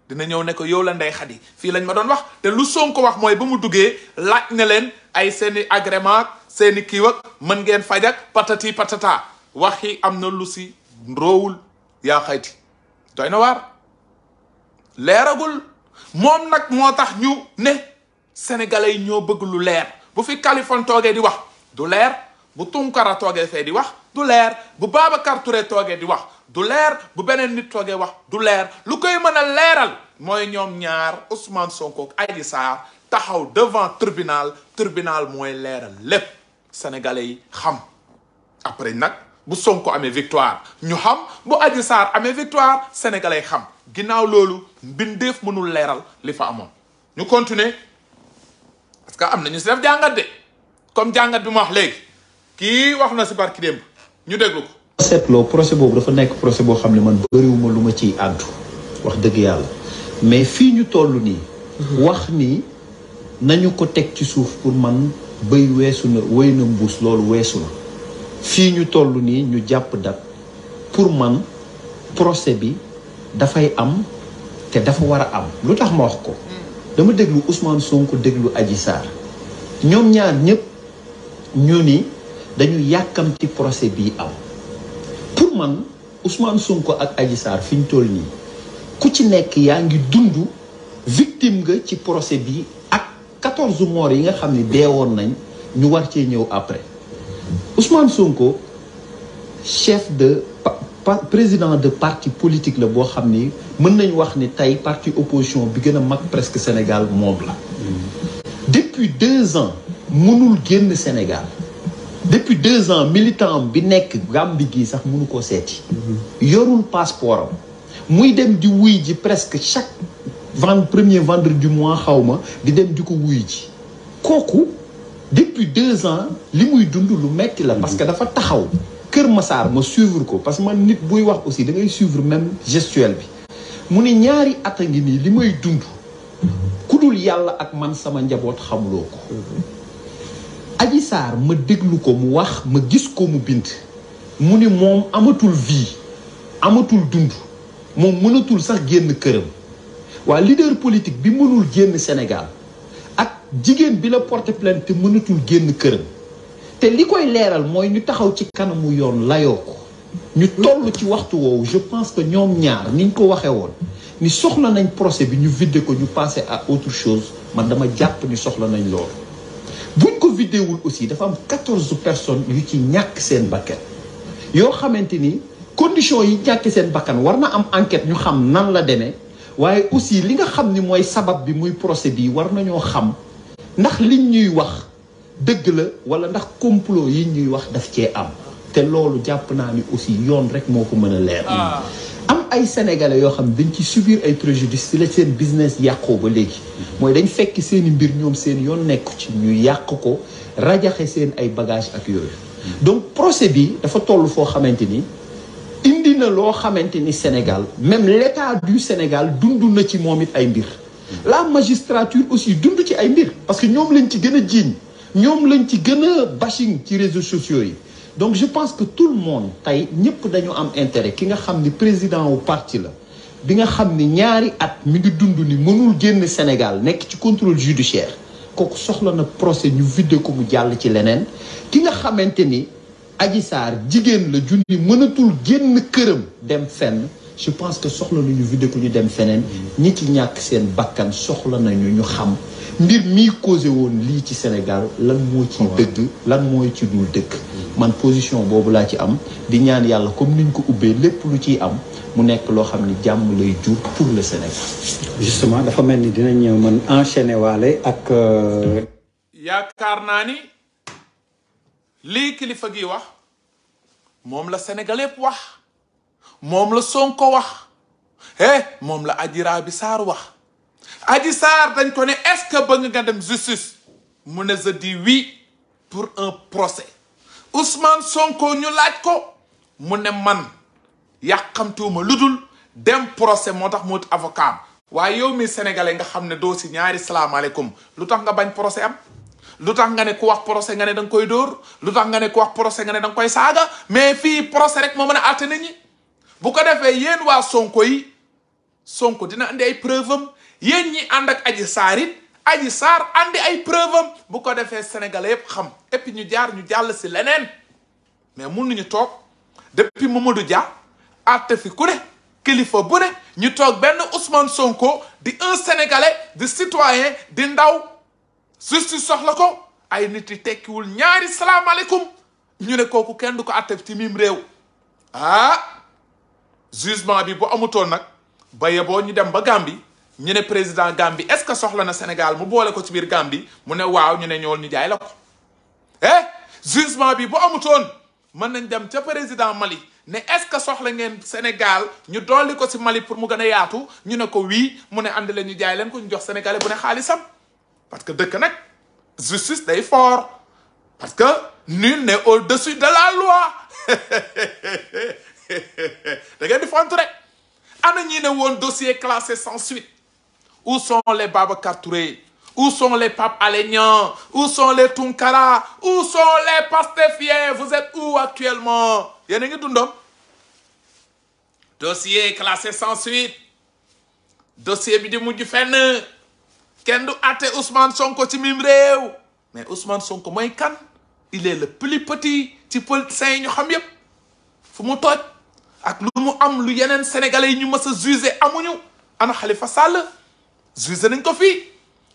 dina ñëw ne ko yow la Ndeye Khady fii lañ ma doon wax te lu Sonko wax mooy ba mu duggee laaj na leen ay seen i agrément seen i kiiwag mën ngeen fajak patati patata waxi am na lu si ndroowul yaa xayti doy na waar leeragul moom nag moo tax ñu ne sénégalais yi ñoo bëgg lu leer bu fi Kaliphone toogee di wax du leer bu Tunkara toogee fee di wax du leer bu Babacar Touré toogee di wax du leer bu beneen nit toogee wax du leer lu koy mën a leeral mooy ñoom ñaar Ousmane Sonko ak Adji Sarr taxaw devant tribinal tribunal mooy leeral lépp sénégalais yi xam après nag bu Sonko amee victoire ñu xam bu Adji Sarr amee victoire sénégalais xam ginnaaw loolu mbindeef mënul leeral li fa amoon ñu continuer parce que am na ñu si def jàngat de comme jàngat bi ma wax léegi kii wax na si barki démb ñu déglu seetloo procès boobu dafa nekk procès boo xam ne man bëriwuma lu ma ciy àddu wax dëgg yàlla mais fii ñu toll nii wax ni nañu ko teg ci suuf pour man bëy weesu na na mbuus loolu weesu fii ñu tollu nii ñu jàpp dat pour man procès bi dafay am te dafa war a am lu tax ma wax ko dama déglu Ousmane Sonko déglu aji Sarr ñoom ñaar ñëpp ñu ni dañu yàkkamti procès bii am man Ousmane Sonko ak Adji Sarr toll nii ku ci nekk yaa ngi dund victim nga ci procès bi ak 14 morts yi nga xam ni deewoon nañ ñu war cee ñëw après Ousmane Sonko chef de président de parti politique la boo xam ni mën nañ wax ni tey parti opposition bi gën a mag presque Sénégal moom la mm. depuis deux ans mënul génn Sénégal depuis deux ans militant bi nekk gàmbi gii sax mënu koo seeti. Mhm. yorul passeport am. muy dem di wuy ji presque chaque vend premier vendredi du mois xaw ma di dem di ko wuy ji. kooku depuis deux ans li muy dund lu metti la. parce que mhm. dafa taxaw. Kër Massar ma suivre ko parce que man nit buy wax aussi da ngay suivre même gestuelle bi. mu ne ñaari at a ngi nii li may dund. Mhm. ku dul yàlla ak man sama njaboot xamuloo ko. aji saar ma déglu ko mu wax ma gis ko mu bind mu ni moom amatul vie amatul dund moom mënatul sax génn këram waa leader politique bi mënul génn Sénégal ak jigéen bi la porte plainte te mënatul génn këram te li koy leeral mooy ñu taxaw ci kanamu yoon layoo ko ñu toll ci waxtu woowu je pense que ñoom ñaar ni niñ ko waxee woon ni soxla nañ procès bi ñu vidde ko ñu passer à autre chose man dama jàpp ni soxla nañ loolu buñ ko vidéowul aussi dafa am quatorze personnes yu ci ñàkk seen bakkan yoo xamante ni conditions yi ñàkk seen bakkan war na am enquête ñu xam nan la demee waaye aussi li nga xam ni mooy sabab bi muy procès bii war nañoo xam ndax liñ ñuy wax dëgg la wala ndax complot yi ñuy wax daf cee am te loolu jàpp naa ni aussi yoon rek moo ko mën a leer ah. ay sénégalais yoo xam dañ ci subiir ay préjudice si la seen business yàqoo ba léegi mooy dañ fekk seeni mbir ñoom seen yoon nekku ci ñu yàq ko rajaxe seen ay bagage ak yooyu donc procès bi dafa toll foo xamante ni indi na loo xamante ni Sénégal même l'état du Sénégal dund na ci moom it ay mbir la magistrature aussi dund ci ay mbir parce que ñoom lañ ci gën a jiiñ ñoom lañ ci gën a bashing ci réseau sociaux yi donc je pense que tout le monde tey ñëpp dañu am intéret ki nga xam ni président wu parti la bi nga xam ni ñaari at mu ngi dund ni mënul génn Sénégal nekk ci contrôle judiciaire kooku soxla na procès ñu vidde ko mu jàll ci leneen ki nga xamante ni Adji Sarr jigéen la junni mënatul génn këram dem fenn je pense que soxla nañu vidde ko ñu dem feneen ñi ci ñàkk seen bakkan soxla nañu ñu xam mbir mi causé woon lii ci Sénégal lan moo ci dëgg lan mooy ci dul dëkk man position boobu laa ci am di ñaan yàlla comme niñ ko ubbee lépp lu ciy am mu nekk loo xam ni jàmm lay jur pour le Sénégal justement dafa mel ni dina ñëw man enchaîner waale ak euh, yaakaar naa ni lii kilifa gi wax moom la Sénégal wax moom la Sonko wax eh moom la Adji Raby Sarr wax Adji Sarr dañ ko ne est-ce que bëgg nga dem justice mu ne je dis oui pour un procès Ousmane Sonko ñu laaj ko mu ne man yàqamtuwuma lu dul dem procès moo tax mu avocat waaye yow mi sénégalais nga xam ne doo si ñaari salaamaaleykum lu tax nga bañ procès am lu tax nga ne ku wax procès nga ne da koy door lu tax nga ne ku wax procès nga ne da nga koy saaga mais fii procès rek moo mën a àtte nit ñi bu ko defee yéen waa Sonko yi Sonko dina andi ay preuve am yéen ñi ànd ak aji saar it aji saar andi ay preuve am bu ko defee sénégalais yépp xam et puis ñu jaar ñu jàll si leneen mais mun nañu toog depuis Mamadou Dia àtte fi ku ne kilifa bu ne ñu toog benn Ousmane Sonko di un sénégalais di citoyen di ndaw justice soxla ko ay nit yi tekkiwul ñaari salaamaaleykum ñu ne kooku kenn du ko àtte ci mim réew ah jugement bi bu amutoon nag ba yeboo ñu dem ba gàmbi ñu ne président Gambie est-ce que soxla na Sénégal mu boole ko ci biir Gambie mu ne waaw ñu ne ñool ñu jaay la ko eh jugement bii bu amutoon mën nañ dem ca président Mali ne est-ce que soxla ngeen Sénégal ñu dolli ko ci Mali pour mu gën a yaatu ñu ne ko wii mu ne ànd leen ñu jaay leen ko ñu jox Sénégalais bu ne xaalisam parce que dëkk nag justice day fort parce que nul n'est au-dessus de la loi da ngeen di fontu rek ana ñi ne woon dossier classé sans suite Où sont les Babacar Touré Où sont les Papes Alénians Où son les Tunkara Où sont les Pastefiens Vous êtes où actuellement yéen a ngi dundam dossier classé sans suite dossier bi di mujj fenn kenn du atte Ousmane Sonko ci mim réew mais Ousmane Sonko mooy kan il est le plus petit ci politiciens yi ñu xam yépp fu mu tooj ak lu mu am lu yeneen sénégalais yi ñu mës a jugé amuñu ana Khalifa Sall juge nañ ko fii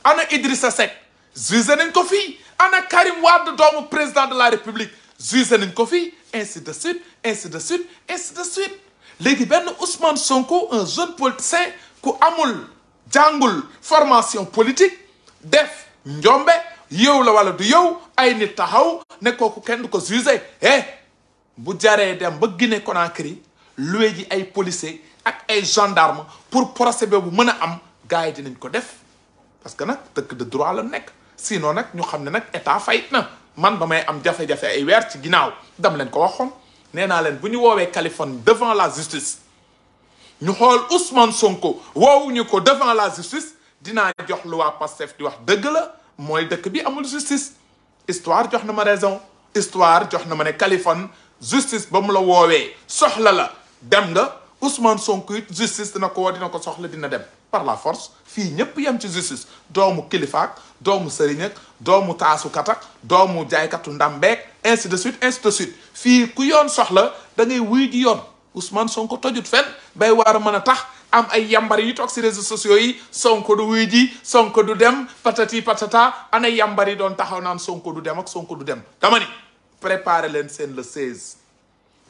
ana Idrissa Seck juge nañ ko fii ana Karim de doomu président de la république juge nañ ko fii ainsi de suite ainsi de suite ainsi de suite léegi benn Ousmane Sonko un jeune politicien ku amul jàngul formation politique def njombe yow la wala du yow ay nit taxaw ne kooku kenn du ko juge eh bu jaree dem ba Guinée Conakry luwe ji ay policier ak ay gendarme pour procès bu mën a am gars yi dinañ ko def parce que nag dëkk de droit la nekk sinon nag ñu xam ne nag état fayit na man ba may am jafe-jafe ay weer ci ginnaaw dam leen ko waxoon nee naa leen bu ñu woowee Kaliphone devant la justice ñu xool Ousmane Sonko woowuñu ko devant la justice dinaa jox lu waa Pastef di wax dëgg la mooy dëkk bi amul justice histoire jox na ma raison histoire jox na ma ne Kaliphone justice ba mu la woowee soxla la dem nga Ousmane Sonko it justice dina ko woo dina ko soxla dina dem par la force fii ñëpp yem ci justice doomu kilifaak doomu sëriñ ak doomu taasukat ak doomu jaaykatu ndambeek ainsi de suite ainsi de suite fii ku yoon soxla da ngay wuy ji yoon Ousmane Sonko tojut fenn bay waar a mën a tax am ay yambar yi toog si réseaux sociaux yi Sonko du wuy ji Sonko du dem patati patata ana yambar yi doon taxaw naan Sonko du dem ak Sonko du dem dama ni préparer leen seen le 16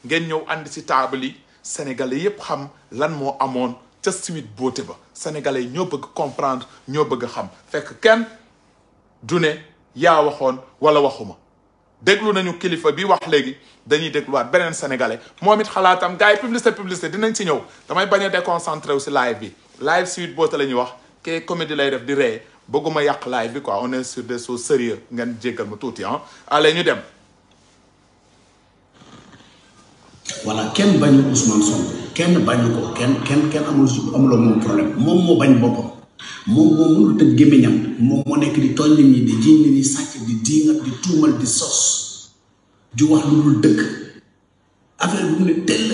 ngeen ñëw andi si table yi sénégalais yépp xam lan moo amoon ca suite boote ba sénégalais yi ñoo bëgg comprendre ñoo bëgg xam fekk kenn du ne yaa waxoon wala waxuma déglu nañu kilifa bi wax léegi dañuy dégluwaat beneen sénégalais moom it xalaatam gars yi publicité publicité dinañ ci ñëw damay bañ a déconcentré wu si live bi live suite boote la ñuy wax kee comédie lay def di ree bëgguma yàq live bi quoi on est sur des choses sérieux ngeen jéggal ma tuuti ah allez ñu dem voilà kenn bañu Ousmane Sonko kenn bañu ko kenn kenn kenn amul amuloo moom problème moom moo bañ boppam moom moo mënul tëj gémmiñam moom moo nekk di tooñ nit di jiñ nit ñi sàcc di diingat di tuumal di sos di wax lu dul dëkk affaire bu mu ne tell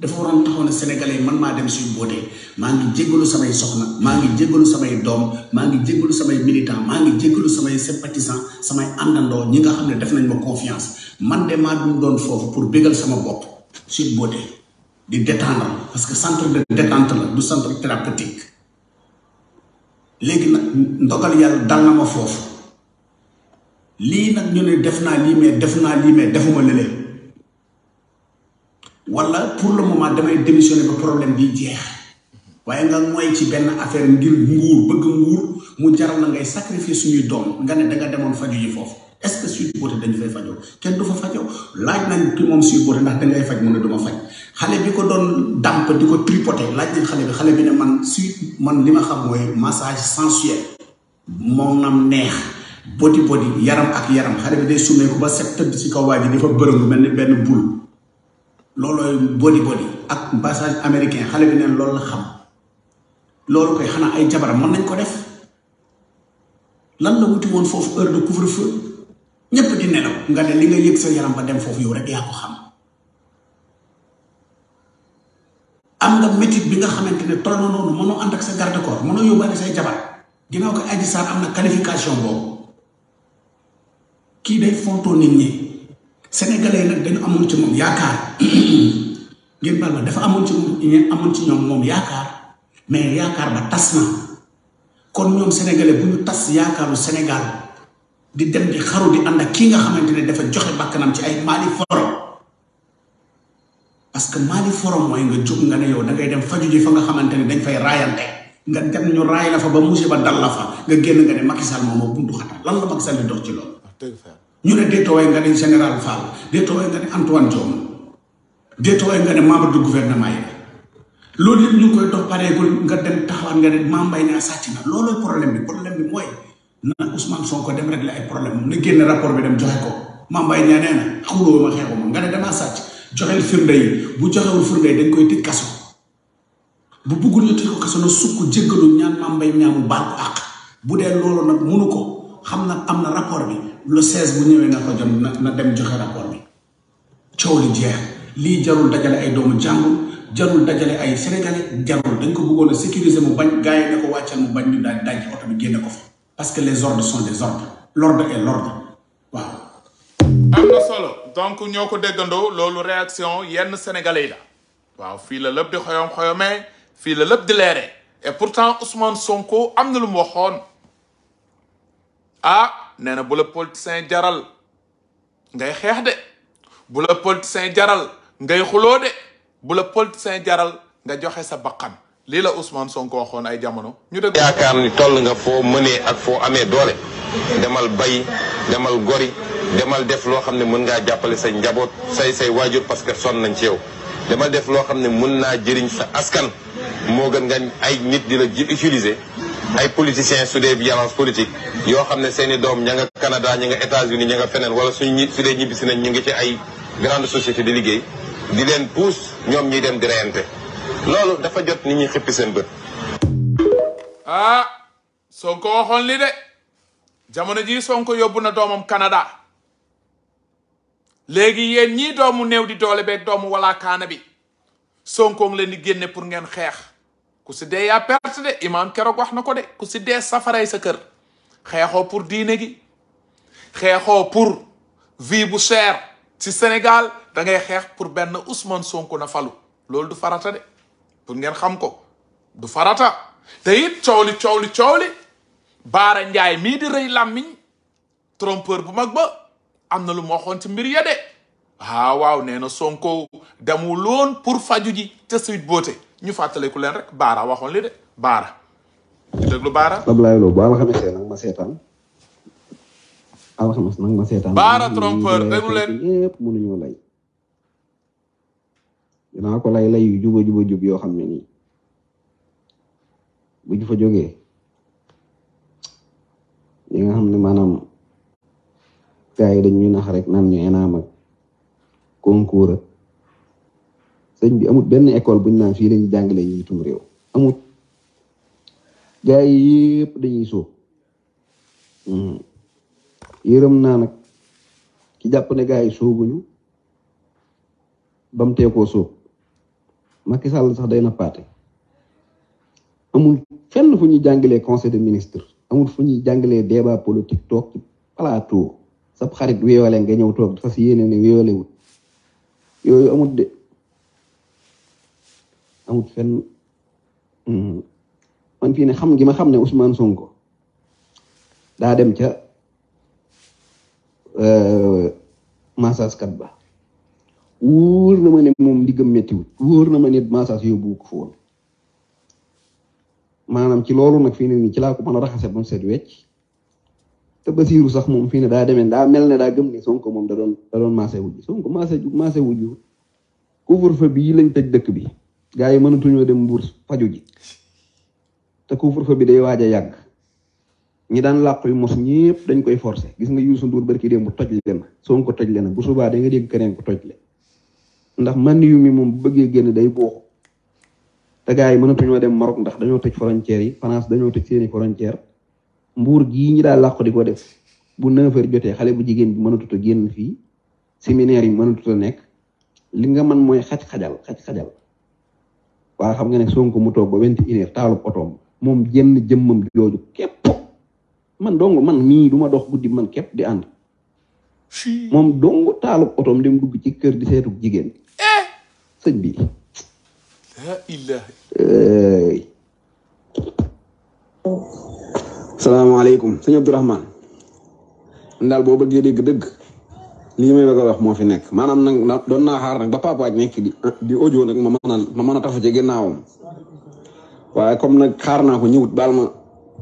dafa waroon taxaw ne sénégalais man maa dem suñu boote maa ngi jéggalu samay soxna maa ngi jéggalu samay doom maa ngi jéggalu samay militant maa ngi jéggalu samay sympathisant samay àndandoo ñi nga xam ne def nañ ma confiance man de maa doon foofu pour bégal sama bopp Sweet Beauté di détendre parce que centre de détente la du centre thérapeutique léegi nag ndogal yàlla dal na ma foofu lii nag ñu ne def naa lii mais def naa lii mais defuma lële wala pour le moment damay démissionner ba problème bi jeex waaye nga moy ci benn affaire ngir nguur bëgg nguur mu jaram la ngay sacrifier suñuy doom nga ne danga demoon faju yi foofu est-ce que Sweet Beauté dañu fay fajoo kenn du fa fajoo laaj nañ ki moom Sweet Beauté ndax dangay faj mu ne duma faj xale bi ko doon dàmp di ko tripoté laaj nañ xale bi xale bi ne man Sweet man li ma xam mooy massage sensuel moom nam neex body body yaram ak yaram xale bi day ko ba set tëdd ci kaw waay ji dafa bërëngu mel ni benn bul loolooy body body ak massage américain xale bi neen loolu xam loolu xanaa ay jabaram mën nañ ko def lan la wuti woon foofu heure de couvre-feu ñépp di nelaw nga ne li nga yëg sa yaram ba dem foofu yow rek yaa ko xam am nga métit bi nga xamante ne toll na noonu mënoo ànd ak sa garde corps mënoo yóbbaale say jabar ginnaaw ko Adji Sarr am na qualification boobu kii day fontoo nit ñi sénégalais nag dañu amoon ci moom yaakaar ngeen baal dafa amoon ci moom amoon ci ñoom moom yaakaar mais yaakaar ba tas na kon ñoom sénégalais bu ñu tas yaakaaru Sénégal di dem di xaru di ànd ak kii nga xamante ne dafa joxe bakkanam ci ay maali forom parce que maali forom mooy nga jóg nga ne yow da ngay dem faju ji fa nga xamante ni dañ fay raayante nga dem ñu raay la fa ba musiba dal la fa nga génn nga ne Macky Sall moom moo buntu xatal lan la Macky Sall di dox ci loolu. Ah, ñu ne déetoowaay nga ne général Fall déetoowaay nga ne Antoine Diome déetoowaay nga ne membre du guvernement yi. loolu yëpp ñu ngi koy dox pareegul nga dem taxawaat nga ne Mame Mbaye Niang sàcc na looloo problème bi problème bi mooy na soo ko dem régler ay problème na génne rapport bi dem joxe ko Mame Mbaye Niang nee na xuloo ma xeexu ma nga bu joxewul firnde dañ koy tëj bu buggul ñu tëj sukk jéggalu ñaan Mame Mbaye mu baal àq bu dee loolu nag munu ko xam na am na rapport bi le 16 bu ñëwee na ko na na dem joxe rapport bi coow li jeex lii jarul dajale ay doomu jàngul jarul dajale ay sénégalais jarul dañ ko bëggoon a sécuriser mu bañ gars yi ko wàccal mu bañ ñu daal daj oto bi génne ko fa parce que les ordres sont des ordres l'ordre est l'ordre waaw. am na solo donc ñoo ko déggandoo loolu réaction yenn sénégalais yi la waaw fii la lépp di xoyom xoyomee fii la lépp di leeree et pourtant Ousmane Sonko am na lu mu waxoon ah nee bu la politicien jaral ngay xeex de bu la politicien jaral ngay xuloo de. bu la politicien jaral nga joxe sa bakkan lii la Ousmane Sonko waxoon ay jamono ñu dégg yaakaar ni toll nga foo mënee ak foo amee doole demal bay demal gori demal def loo xam ne mën ngaa jàppale say njaboot say say waajur parce que sonn nañ ci yow demal def loo xam ne mën naa jëriñ sa askan moo gën nga ay nit di la ji utiliser ay politiciens su dee violence politique yoo xam ne seeni doom ña nga Canada ña nga États-Unis ña nga feneen wala suñu ñi su dee ñibbisi nañ ñu ngi ci ay grande société di liggéey di leen puus ñoom ñuy dem di reyante loolu dafa jot nit ñi xippi seen bët. ah Sonko waxoon li de jamono ji Sonko yóbbu na doomum Canada léegi yéen ñii doomu néew di doole beeg doomu wala kaana bi Sonko ngi leen di génne pour ngeen xeex ku si dee yaa perte de imaam keroog wax na ko de ku si dee safaray sa kër xeexoo pour diine gi xeexoo pour vie bu cher ci Sénégal. da ngay xeex pour benn Ousmane Sonko na falu loolu du farata de pour ngeen xam ko du farata te it coow li coow li Baara Njaay mii di rëy làmmiñ trompeur bu mag ba am na lu mu waxoon ci mbir ya de ah waaw nee na Sonko loon pour faju ji ca suite boote ñu fàttaliku leen rek Baara waxoon li de Baara. di déglu Baara. Ablaye Lo ma seetaan Baara trompeur déglu leen yëpp mënuñoo lay. dinaa ko lay lay jub yoo xam ne nii bu ñi nga xam ne maanaam gars yi dañuy nax rek naan ñu ENAM ak concours ak sëñ bi amut benn école buñ naan fii dañuy jàngale ñu itum réew amut gars yi yëpp dañuy sóob hmm. yërëm naa nag ki jàpp ne gars yi sóobuñu ba mu Macky Sall sax day nappaate amul fenn fu ñuy jàngalee conseil de ministre amul fu ñuy jàngalee débat politique toog ci plateau sa xarit wéewale nga ñëw toog dafa si yéene ne wéewalewul yooyu amut de amut fenn hmm. man fii ne xam gi ma xam ne Ousmane Sonko daa dem ca euh, massage kat ba wóor na ma ne moom liggam méttiwul wóor na ma ne maasaas yóbbu ko fa maanaam ci loolu nag fii ne nii ci laa ko mën a raxase ba mu set wecc te Basiiru sax moom fii ne daa demee ndaa mel ne daa gëm ne Sonko moom da doon da doon maase wujj Sonko maase maase wujj couvre-feu bii lañ tëj dëkk bi gaa yi mënatuñoo dem mbuur faju ji te couvre-feu bi day waaj a yàgg ñi daan làqu yu mos ñëpp dañ koy forcer gis nga Youssou Ndour barki démb toj leen Sonko toj leen bu subaa da nga dégg keneen ko toj ndax man yu mi moom bëggee génn day booxu te yi mënatuñoo dem Maroc ndax dañoo tëj frontière yi France dañoo tëj seeni frontière mbuur gi ñu daal làqu di ko def bu neuf jotee xale bu jigéen bi mënatut a génn fii séminaire yi mënatut nekk li nga mën mooy xaj-xajal xaj-xajal waa xam nga ne Sonko mu toog ba vingt et une taalub otoom moom jenn jëmmam jooju képp man dong man mii du ma dox guddi man képp di ànd moom dong taalub otoom dem dugg ci kër di seetu jigéen sëñ bi. salaamaaleykum sëñ Abdourahman man daal boo bëggee dégg dëgg lii may bëgg a wax moo fi nekk maanaam nag doon naa xaar nag ba papa waaj nekk di di audio ma mën a ma mën a tafu ci waaye comme nag xaar naa ko ñëwut baal ma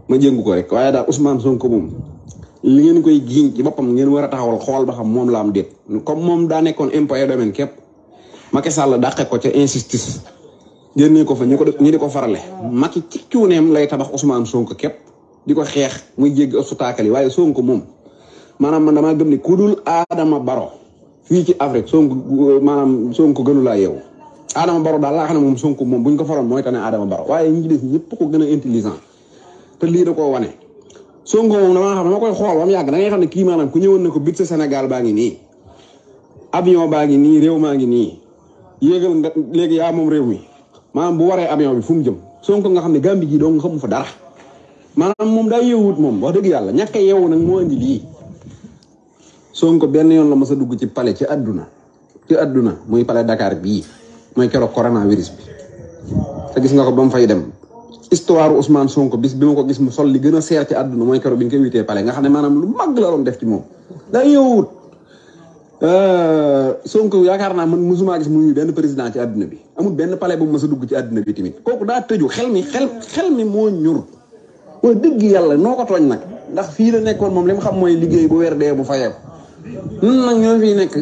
ma jëngu ko rek waaye daal Ousmane Sonko li ngeen koy giiñ ci boppam ngeen war a taxawal xool ba xam moom la am déet moom daa nekkoon impôt domaine képp. Macky Sall dàqe ko ca injustice génnee ko fa ñu ko ñu di ko farale Macky ci cuuneem lay tabax Ousmane sonk képp di ko xeex muy jéggi obstacle yi waaye Sonko moom maanaam man damaa gëm ni ku dul Adama Baro fii ci Afrique Sonko maanaam Sonko gënu laa yeewu Adama Baro daal laa xam ne moom Sonko moom buñ ko faroon mooy tane Adama Baro waaye ñi des ñëpp ko gën a intelligent te lii da koo wane Sonko moom damaa xam ne ma koy xool ba mu yàgg da xam ne kii maanaam ku ñëwoon na ko bit sa Sénégal baa ngi nii avion baa ngi nii réew maa ngi nii yéegal nga léegi yaa moom réew mi maanaam bu waree avion bi fu mu jëm Sonko nga xam ne Gàmbi gi doo nga xamu fa dara maanaam moom daa yeewut moom wax dëgg yàlla ñàkk a yeewu nag moo andi lii Sonko benn yoon la mas a dugg ci palais ci àdduna ci àdduna muy palais Dakar bii mooy keroog coronavirus bi te gis nga ko ba mu fay dem histoire Ousmane Sonko bis bi ma ko gis mu sol li gën a seer ci àdduna mooy keroog bi ñu koy witee palais nga xam ne maanaam lu mag la doon def ci moom daa yeewut Euh, Sonko yaakaar naa man mosuma gis muy benn président ci àdduna bi amul benn palais bu mës a dugg ci àddina bi tamit kooku daa tëju xel mi xel xel mi moo ñur mooy dëgg yàlla noo ko tooñ nag ndax fii la nekkoon moom li xam mooy liggéey bu weer dee bu fayeeku nun nag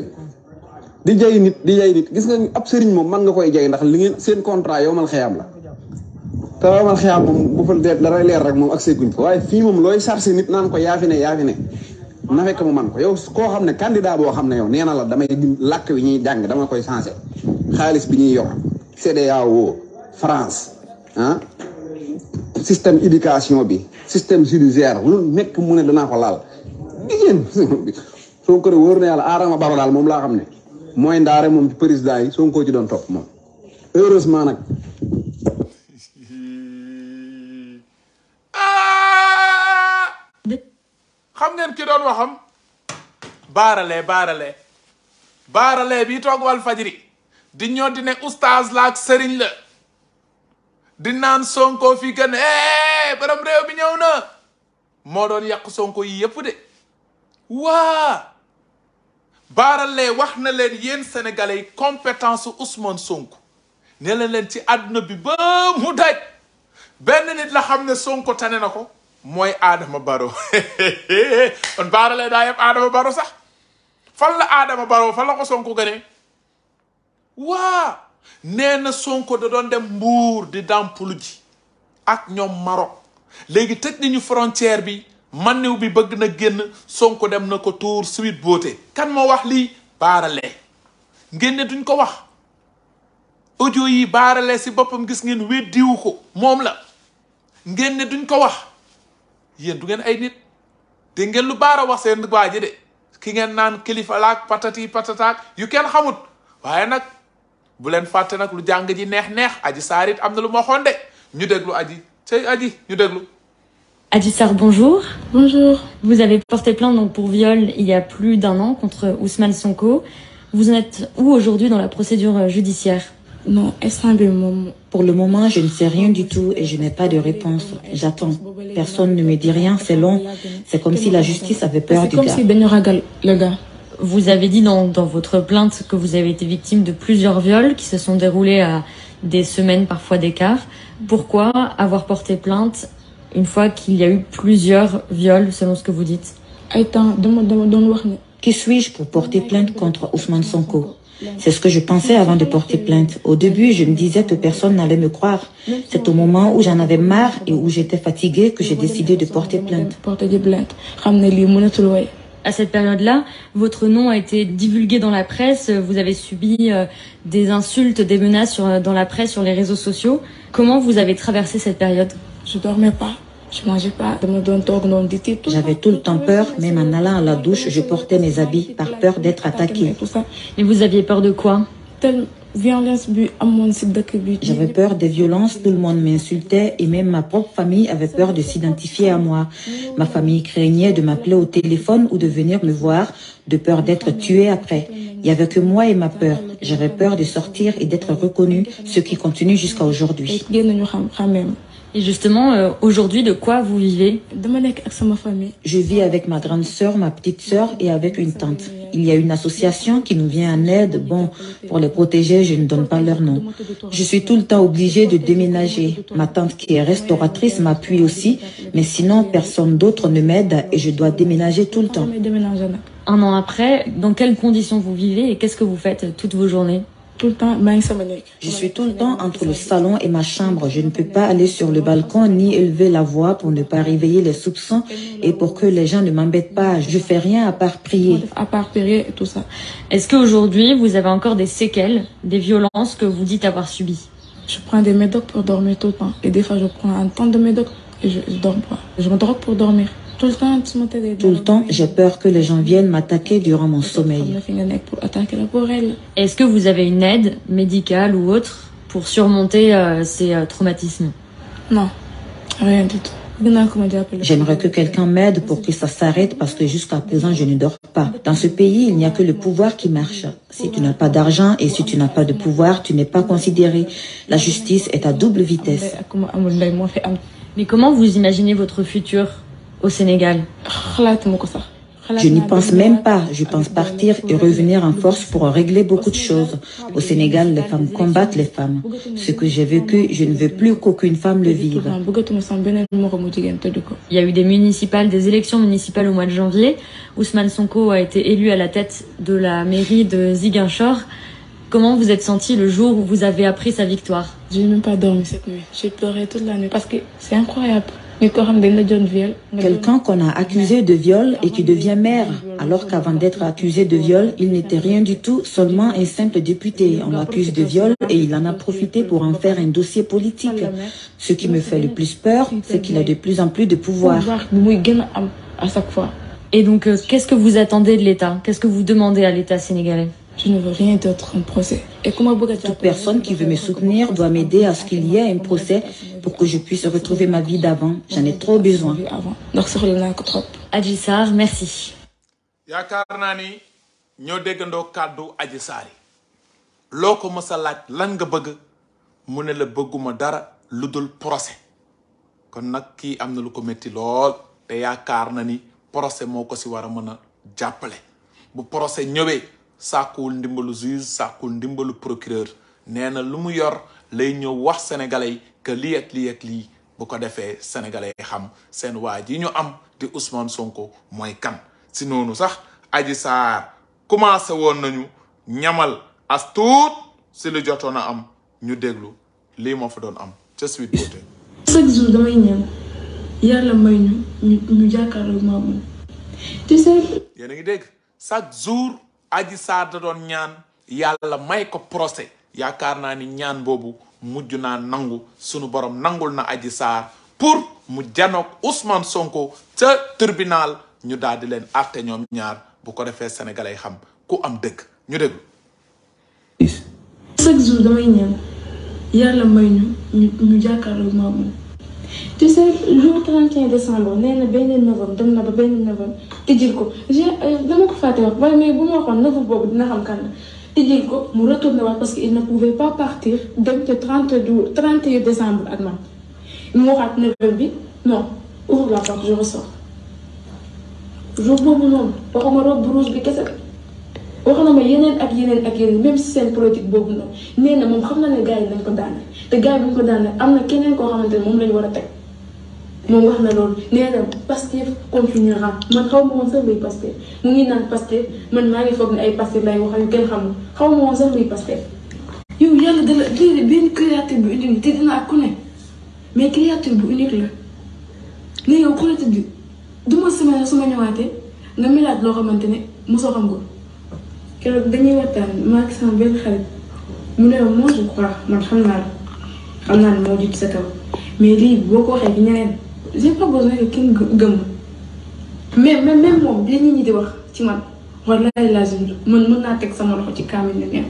di jay nit di jay nit gis nga ab sëriñ moom man nga koy jay ndax li ngeen seen contrat yow mal xeyaam la te yow mal xeyaam moom bu fa dee dara leer rek moom ak seguñ ko waaye fii moom looy chargé nit naan ko yaa fi ne yaa ne na fekk mu man ko yow koo xam ne candidat boo xam ne yow nee na la damay làkk wi ñuy jàng dama koy changé xaalis bi ñuy yor CEDEAO France ah système éducation bi système judiciaire lu nekk mu ne danaa ko laal jigéen Sonko wóor na yàlla Adama Barrow daal moom laa xam ne mooy ndaare moom ci président yi Sonko ci doon topp moom heureusement nag xam ngeen ki waxam baarale baarale baarale bi toog wal fajri di ñoo di ne oustaz la ak sëriñ la di naan sonko fii gën eh borom réew bi ñëw na moo doon yàq sonko yi yëpp de waa baarale wax na leen yéen sénégalais yi compétence su Ousmane ne leen leen ci àdduna bi ba mu daj benn nit la xam ne sonko tane na ko. mooy aadama Barrow kon Baara lay daa yëpp Adama Barrow sax fan la aadama baro fan la ko Sonko gënee waa nee na Sonko da doon dem Mbuur di dàmpulu ji ak ñoom maro léegi tëj nañu frontière bi man maniw bi bëgg na génn Sonko dem na ko tuur suite boote kan moo wax lii barale ngeen duñ ko wax audio yi baarale si boppam gis ngeen weddiwu ko moom la ngeen duñ ko wax yéen du ngeen ay nit te ngeen lu baara wax seen waa ji de ki ngeen naan kilifa laak patati patataak yu kenn xamut waaye nag bu leen fàtte nag lu jàng ji neex-neex aji saar am na lu ma xoon de ñu déglu aji cey aji ñu déglu Adji Sarr, bonjour. Bonjour. Vous avez porté plainte donc pour viol il y a plus d'un an contre Ousmane Sonko. Vous en êtes où aujourd'hui dans la procédure euh, judiciaire? Non, instant moom. Pour le moment, je ne sais rien du tout et je n'ai pas de réponse. J'attends. Personne ne me dit rien, c'est long. C'est comme si la justice avait peur du gars. Vous avez dit dans, votre plainte que vous avez été victime de plusieurs viols qui se sont déroulés à des semaines, parfois d'écart. Pourquoi avoir porté plainte une fois qu'il y a eu plusieurs viols, selon ce que vous dites Qui suis-je pour porter plainte contre Ousmane Sonko C'est ce que je pensais avant de porter plainte. Au début, je me disais que personne n'allait me croire. C'est au moment où j'en avais marre et où j'étais fatiguée que j'ai décidé de porter plainte. À cette période-là, votre nom a été divulgué dans la presse, vous avez subi euh, des insultes, des menaces euh, dans la presse, sur les réseaux sociaux. Comment vous avez traversé cette période Je mangeais pas. J'avais tout le temps peur, même en allant à la douche, je portais mes habits par peur d'être attaquée. Et vous aviez peur de quoi j'avais peur violences, tout le monde m'insultait et même ma propre famille avait peur de s'identifier à moi. Ma famille craignait de m'appeler au téléphone ou de venir me voir de peur d'être tuée après. Il n'y avait que moi et ma peur. J'avais peur de sortir et d'être reconnue, ce qui continue jusqu'à aujourd'hui. Et justement, euh, aujourd'hui, de quoi vous vivez Je vis avec ma grande sœur, ma petite sœur et avec une tante. Il y a une association qui nous vient en aide. Bon, pour les protéger, je ne donne pas leur nom. Je suis tout le temps obligée de déménager. Ma tante qui est restauratrice m'appuie aussi, mais sinon, personne d'autre ne m'aide et je dois déménager tout le temps. Un an après, dans quelles conditions vous vivez et qu'est-ce que vous faites toutes vos journées tout le temps maa ngi sama nekk. je suis tout le temps entre le salon et ma chambre je ne peux pas aller sur le balcon ni élever la voix pour ne pas réveiller les soupçons et pour que les gens ne m'embêtent pas je fais rien à part prier. à part prier et tout ça. est-ce qu'aujourd'hui vous avez encore des séquelles des violences que vous dites avoir subies. je prends des médocs et je prends de médoc et je, je pas je me drogue pour dormir. tout le temps su ma tëddee tout le temps j'ai peur que les gens viennent m'attaquer durant mon sommeil. pour attaquer la pour elle. est-ce que vous avez une aide médicale ou autre pour surmonter euh, ces euh, traumatismes. J'aimerais que quelqu'un m'aide pour que ça s'arrête parce que jusqu'à présent, je ne dors pas. Dans ce pays, il n'y a que le pouvoir qui marche. Si tu n'as pas d'argent et si tu n'as pas de pouvoir, tu n'es pas considéré. La justice est à double vitesse. Mais comment vous imaginez votre futur? au Sénégal xalaatuma ko sax Je n'y pense même pas. Je pense partir et revenir en force pour régler beaucoup de choses. Au Sénégal, les femmes combattent les femmes. Ce que j'ai vécu, je ne veux plus qu'aucune femme le vive. Il y a eu des municipales, des élections municipales au mois de janvier. Ousmane Sonko a été élu à la tête de la mairie de Ziguinchor. Comment vous êtes senti le jour où vous avez appris sa victoire parce que c'est incroyable. Quelqu'un qu'on a accusé de viol et qui devient maire, alors qu'avant d'être accusé de viol, il n'était rien du tout, seulement un simple député. On l'accuse de viol et il en a profité pour en faire un dossier politique. Ce qui me fait le plus peur, c'est qu'il a de plus en plus de pouvoir. Euh, qu'est-ce que vous attendez de l'État Qu'est-ce que vous demandez à l'État sénégalais Je ne veux rien d'autre qu'un procès. Et comment Toute personne qui veut me soutenir doit m'aider à ce qu'il y ait un procès pour que je puisse retrouver ma vie d'avant. J'en ai trop besoin. Adji Sarr, merci. yaakaar naa ni ñoo déggandoo kàddu Adji Sarr loo ko mës a lan nga bëgg mu ne la bëgguma dara lu dul procès kon nag kii am na lu ko métti lool te yaakaar na ni procès moo ko si war a mën a jàppale bu procès ñëwee. sàkkuwul ndimbalu juge sàkkuwul ndimbalu procureur nee na lu mu yor lay ñëw wax sénégalais yi li lii ak lii ak bu ko defee sénégalais xam seen waa ji ñu am di Ousmane Sonko mooy kan. si noonu sax aji Sarr commencé woon nañu ñamal as tuut si lu jotoon a am ñu déglu lii moo fa doon am ca suite boote. chaque jour damay ñaan yàlla may ñu ñu jàkkaarloo maamu. tu sais. yéen a ngi dégg chaque jour. aji saar da doon ñaan yàlla may ko procès yaakaar naa ni ñaan boobu mujj naa nangu sunu borom nangul na aji saar pour mu janook Ousmane Sonko ca tribunal ñu daal di leen àtte ñoom ñaar bu ko defee sénégalais xam ku am dëkk ñu déglu. yàlla may ñu ñu jàkkaarloo maam tu sais jour 31 décembre nee na benn novembre dem na ba benn novembre tijjil ko j' euh, dama ko fàtte wax wala mais bu ma waxoon novembre boobu dina xam kan la ko mu retourné waat parce que il ne pouvait pas partir dem te 32 31 décembre ak man mu waxaat novembre bi non ouvre la porte je ressors jour boobu noonu waxuma robe rouge bi kese. wax na ma yeneen ak yeneen ak yeneen même si seen politique boobu noonu nee na moom xam na ne gars yi nañ ko daane te gars yi bu ñu ko daane am na keneen koo xamante ne moom lañ war a teg moom wax na loolu nee na Pastef continuera man xaw ma woon sax luy Pastef mu ngi naan Pastef man maa ngi foog ne ay Pastef lay wax yu kenn xamul xaw ma woon sax luy Pastef. yow yàlla dala lii benn créature ne mais créature bu unique la ne yow ku du ma semaine su ma ñëwaatee nga melaat loo xamante ne mosoo xam ko. keroog dañuy waxtaan ma ak sama benn xarit mu ne moi je crois man xam naa xam naa ne moo jiitu sa kaw mais lii boo ko waxee bi ñeneen j'ai pas besoin que kenn gëm mais même même moom di wax ci man wallaahi lazim man mën naa teg sama loxo ci kaamil ne neex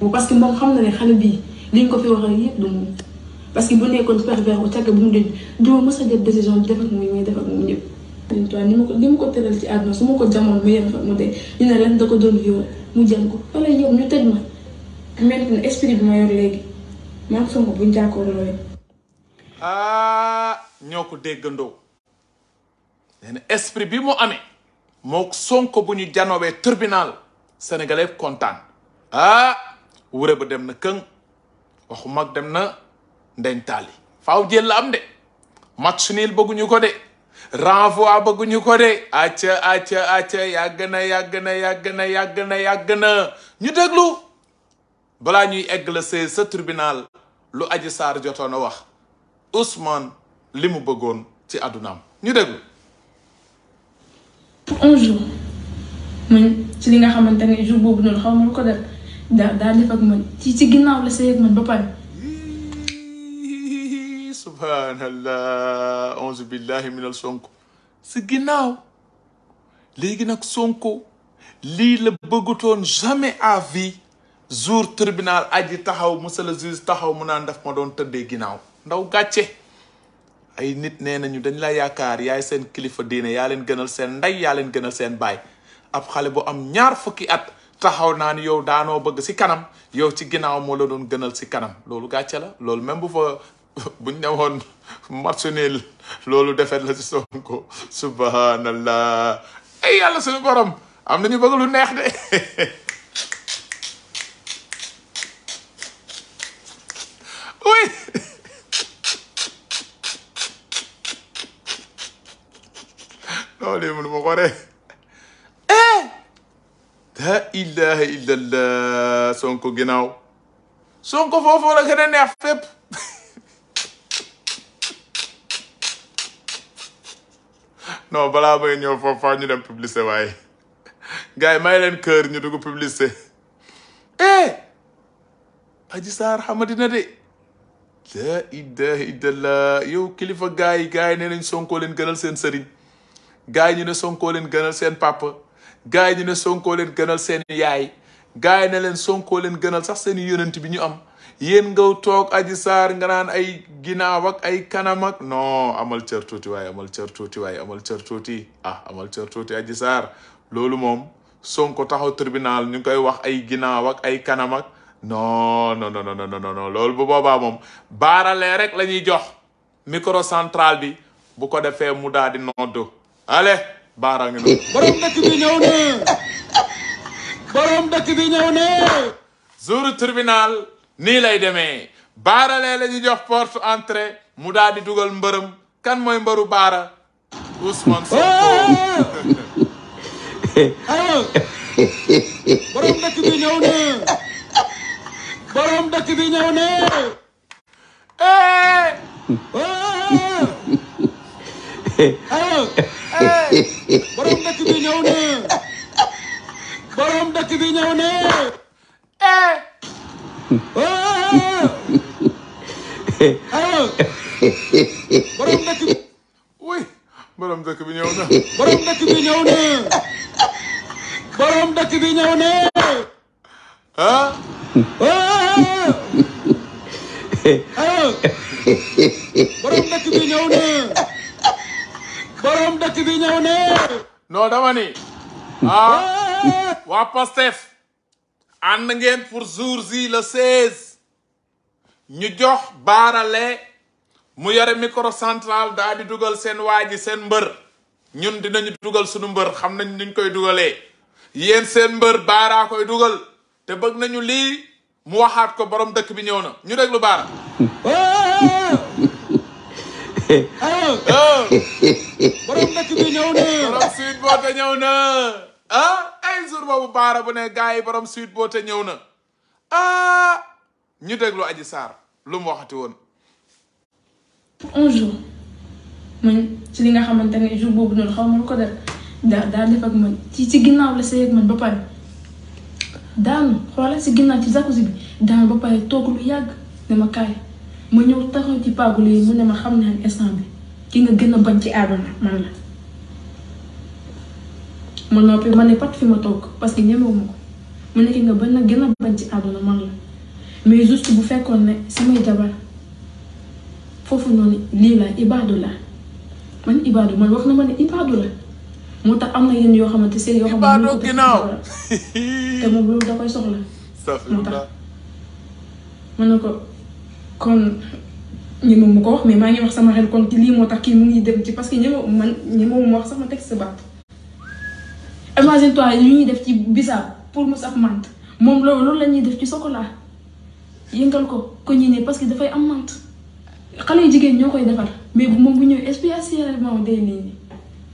ko parce que moom xam na ne xale bii liñ ko fi waxee yëpp du moom parce que bu nekkoon pervers bu tàgg bu mu dindi du ma mës a jël décision bi def ak muy muy moom ñëpp. ni ma ko ni ma ko tëral ci àdduna su ma ko jamoon mu yem fa mu dee ñu ne da ko doon violé mu jël ko wala yow ñu tëj ma. maintenant esprit bi ma yor léegi maa ngi bu ñu jàkkaarloo yëpp. Ah, déggandoo. nee esprit bi mu amee. moo Sonko bu ñu janoowee tribunal sénégalais kontaan. ah wure ba dem na këng waxu mag dem na ndeñ taali faaw jël la am de match nul bëgguñu ko de. renvoi bëgguñu ko de acca acca acca yàgg na yàgg na yàgg na ñu déglu balaa ñuy egg la see sa tribunal lu Adji Sarr jotoon a wax Ousmane li mu bëggoon ci àddunaam ñu déglu pour un jour man ci li nga xamante ne jour boobu noonu xaw ma lu ko def daa daa def ak ci ci ginnaaw la see ak man ba pare subhanallah onze billahi minal sonko si ginnaaw léegi nag sonko lii la bëggutoon jamais à vie jour tribunal aji taxaw monsieur le taxaw mu naan daf ma doon tëddee ginnaaw ndaw gàcce ay nit nee nañu dañ la yaakaar yaay seen kilifa diine yaa leen gënal seen ndey yaa leen gënal seen baay ab xale bu am ñaar fukki at taxaw naa ni yow daanoo bëgg si kanam yow ci ginnaaw moo la doon gënal si kanam loolu gàcce la loolu même fa bu ñu demoon loolu defet la si Sonko subhanallah ay yàlla suñu borom am na ñu bëgg lu neex de oui loolu yi mënu ma ko eh! la ilaha illallah Sonko ginnaaw Sonko foofu la gën a neex fépp non balaa may ñëw foofu faa ñu dem publicité waaye gars yi may leen kër ñu dugg publicité eh Adji Sarr xamadina de la ilaha illallah yow kilifa gars yi gars yi nee nañ sonkoo leen gënal seen sëriñ gars yi ñu ne sonko leen gënal seen papa gars yi ñu ne sonko leen gënal seen yaay gars yi ne leen sonkoo leen gënal sax seen yonent bi ñu am yéen ngaw toog aji saar nga naan ay ginnaaw ak ay kanam ak amal cër tuuti waaye amal cër tuuti waaye amal tuuti ah amal cër tuuti aji saar loolu moom Sonko taxaw tribunal ñu ngi koy wax ay ginnaaw ak ay kanamak no non non non non boobaa moom baaralee rek lañuy jox micro central bi bu ko defee mu daal di noddu allez baara ngi noonu borom dëkk bi jour tribunal nii lay demee baaralee la ñu jox port entrée mu daal di dugal mbërëm kan mooy mbëru baara Ousmane Sonko borom dëkk bi ñëw na borom dëkk bi ñëw na eh! borom dëkk bi ñëw na borom dëkk bi. oui borom dëkk bi ñëw na. borom dëkk bi ñëw na. borom dëkk bi ah, waa Pastef. ànd ngeen pour jour ji le 16 ñu jox baarale mu yore micro central daal di dugal seen waa ji seen mbër ñun dinañu dugal suñu mbër xam nañ nuñ koy dugale yéen seen mbër baaraa koy dugal te bëgg nañu lii mu waxaat ko boroom dëkk bi ñëw na ñu déglu baara borom dëkk bi ñëw na borom ñëw na ah ay jour bu baara bu ne gaa yi borom suite boo te ñëw na ah ñu déglu aji saar lu mu waxati woon. un jour man ci li nga xamante ne jour boobu noonu xaw ma lu ko def daa daa def ak man ci ci ginnaaw la sëy ak man ba pare daanu xoolal si ginnaaw ci jacuzzi bi daanu ba pare toog lu yàgg ne ma kaay ma ñëw taxaw ci paagul yi mu ne ma xam naa ne bi ki nga gën a bañ ci àdduna man la. ma noppi ma ne pat fi ma toog parce que ñemewuma ko mu nekk nga ban nag gën a bañ ci àdduna man mais juste bu fekkoon ne samay jabar foofu noonu lii la ibaadu la man ibaadu wax na ma ne ibaadu la moo tax am na yenn yoo xamante seen yoo xamante ibaadu ginnaaw te moom loolu da koy ma ne ko kon ñemewu ma ko wax mais maa ngi wax sama xel kon ci lii moo tax ki mu ngi dem ci parce que ñemewu man ñemewu ma wax sax ma teg sa baat imagine toi yu ñuy def ci bisaab pour mu sax mant moom loolu loolu la ñuy def ci chocolat yëngal ko ko ñii ne parce que dafay am mant xale yu jigéen ñoo koy defar mais bu moom bu ñëw spécialement day nii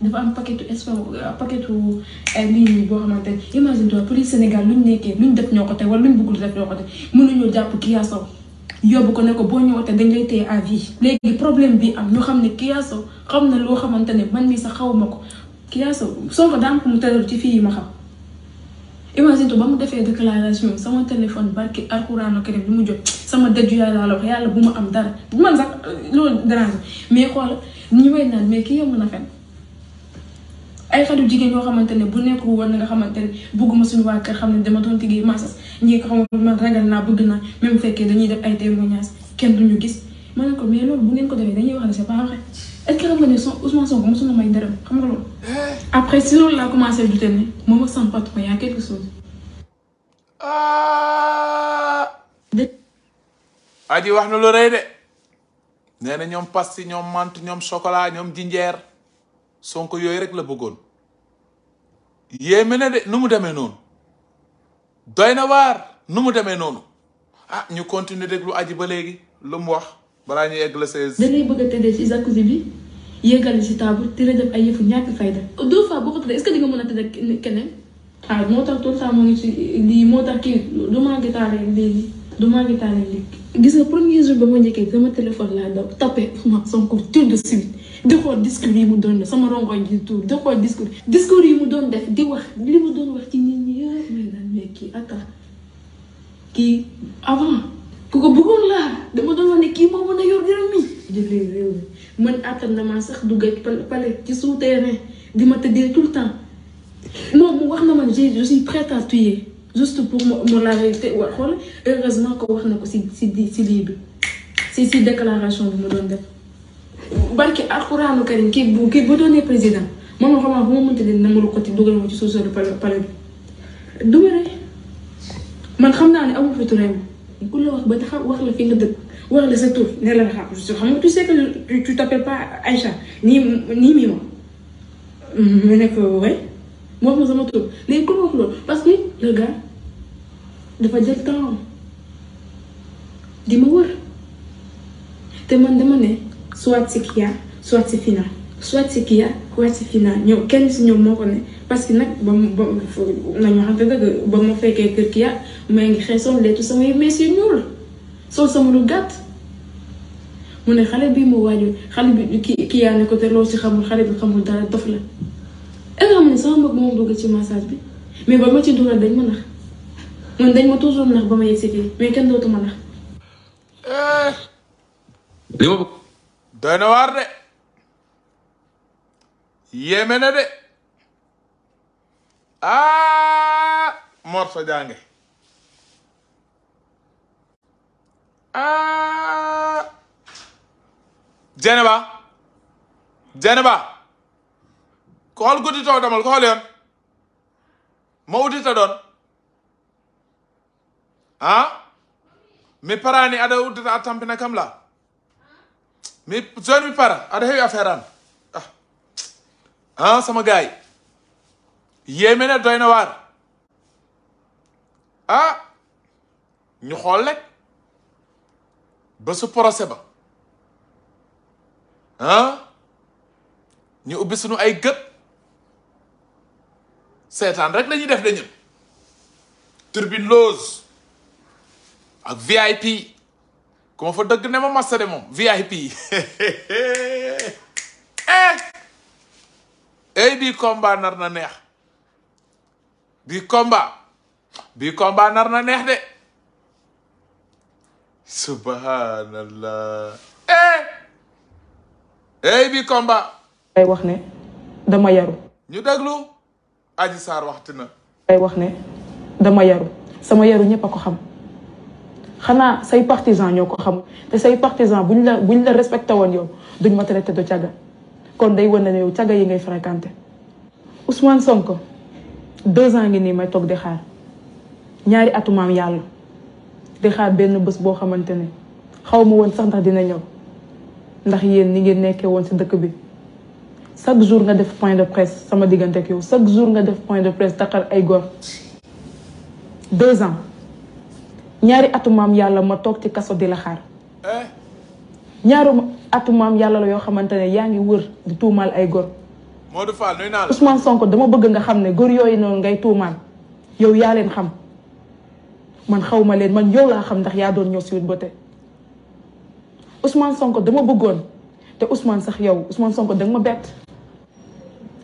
dafa am paquetu espace euh, paquetu lii euh, nii boo xamante ne imagine toi police Sénégal luñ nekkee luñ def ñoo ko tey wala luñ bëggul def ñoo ko tey mënuñoo jàpp Kya Sow ko ne ko boo ñëwatee dañ lay téye à léegi problème bi am ñu xam ne Kya xam na loo xamante ne man mii sax xawuma ko kii yaa sa Sonko daan ko mu tëral ci fii yi ma xam imagine to ba mu defee déclaration sama téléphone barki alxuraanu karim bi mu jot sama dëju yàlla la wax yàlla bu ma am dara bu man sax loolu dérange mais xool ñu may naan mais kii yomb na fen ay xadu jigéen yoo xamante ne bu nekkul woon na nga xamante ne bëgguma suñu waa kër xam ne dama doon liggéey maasas ñi nga xam man ragal naa bëgg naa même fekkee dañuy def ay témoignages kenn duñu gis ma ne ko mais loolu bu ngeen ko defee dañuy wax ne c'est pas vrai nga ne son Ousmane Sonko commencé douter ne moom ak sama patron y a aji ah! wax na lu rëy de nee na ñoom pasti ñoom mant ñoom chocolat ñoom jinjeer sonk yooyu rek la bëggoon yéeme na de nu mu demee noonu doy na waar nu mu demee noonu ah ñu continuer lu aji ba léegi lu mu wax balaa ñu egg la seize. dañuy bëgg a tëddee ci jacuzzi yéegal si table te def ay yëfu ñàkk fayda deux fois boo ko tëddee est-ce di nga mën a tëdd ak keneen ah moo tax tout le temps ngi ci lii moo tax kii du maa ngi taalee léegi du gis nga premier jour ba ma njëkkee sama téléphone laa daw tapé Ousmane Sonko tout de suite di xool discours yi mu doon def sama rongoñ ji tuur di xool yi mu doon def di wax li mu doon wax ci nit ñi yëpp may naan mais kii atta kii avant ku ko bëggoon laa dama doon wax ne kii moo mën a yor réew mi mi man àttan na maa sax dugg ak palais ci souterrain di ma tëddee tout le temps non wax na man je suis prête à tuer juste pour mu mu wa xool heureusement wax na ko si si si lii bi si si déclaration bi mu doon def. barki alxuraanu karim kii bu kii bu doonee président moom la xam bu ma mënta leen namaru ko ci dugal ma ci sous-sol palais bi du ma man xam naa ne amul fi réew ku la wax ba taxaw wax la fi nga dëkk. wala la sa tur ne la Rakham xam nga tu sais que tu t'appelles pas Aïcha nii nii Mima mu nekk way wax ma sama tur léegi ku ma wax loolu parce que le gars dafa jël temps di ma wër te man dama ne eh. soit si Kia soit si Fina soit si Kia Fina ñoom kenn si ñoom moo ko ne parce que nag ba mu ba mu nañu waxante dëgg ba ma fekkee kër Kia may ngi xeesoon leetu samay mees soo sama lu gàtt mu ne xale bii mu waaju xale bi ki kii yaa ne ko te loo si xamul xale bi xamul dara dof la et nga xam ne sama mbokk moom dugg ci massage bi mais ba ma ci dugal dañ ma nax man dañ ma toujours nax ba ma yegsi fii mais kenn dootuma nax. Eh, li ma waar de yéeme na de ah Mor sa ah Jeneba Jeneba ko hol gudditoo damal ko hol yon mo uddita ɗon ha ah. mi parani aɗa uddita a tampina kam la mi joni mi para aɗa heewi affaire an ah, ah sama gaay yemene doyna waar ah ñu xool rek ba su procès ba ah ñu ubbi suñu ay gët seetaan rek la def de ñun ak VIP ku ma fa dëgg ne ma massa de moom VIP ey bi combat nar na neex bi combat bii combat nar na neex de subhanallah eh! eh bi combat ay wax ne dama yaru ñu déglu Adji Sarr waxtu na ay wax ne dama yaru sama yaru ñëpp a ko xam xanaa say partisan ñoo ko xam te say partisan buñ la buñ la respecté woon yow duñ ma traité de caga kon day wane ne yow caga yi ngay fréquenté Ousmane Sonko deux ans ngi nii may toog di xaar ñaari atumaam yàlla di xaar benn bés boo xamante ne xaw ma woon sax ndax dina ñëw ndax yéen ni ngeen nekkee woon si dëkk bi chaque jour nga def point de presse sama diggante ak yow chaque jour nga def point de presse taxal ay gor deux ans ñaari atumaam yàlla ma toog ci kaso di la xaar eh? ñaari atumaam yàlla la yoo xamante ne yaa ngi wër di tuumaal ay góor Modou Fall dama bëgg nga xam ne góor yooyu noonu ngay tuumaal yow yaa leen xam man xaw leen man yow laa xam ndax yaa doon ñëw si Une Beauté Ousmane Sonko dama bëggoon te Ousmane sax yow Ousmane Sonko danga ma bett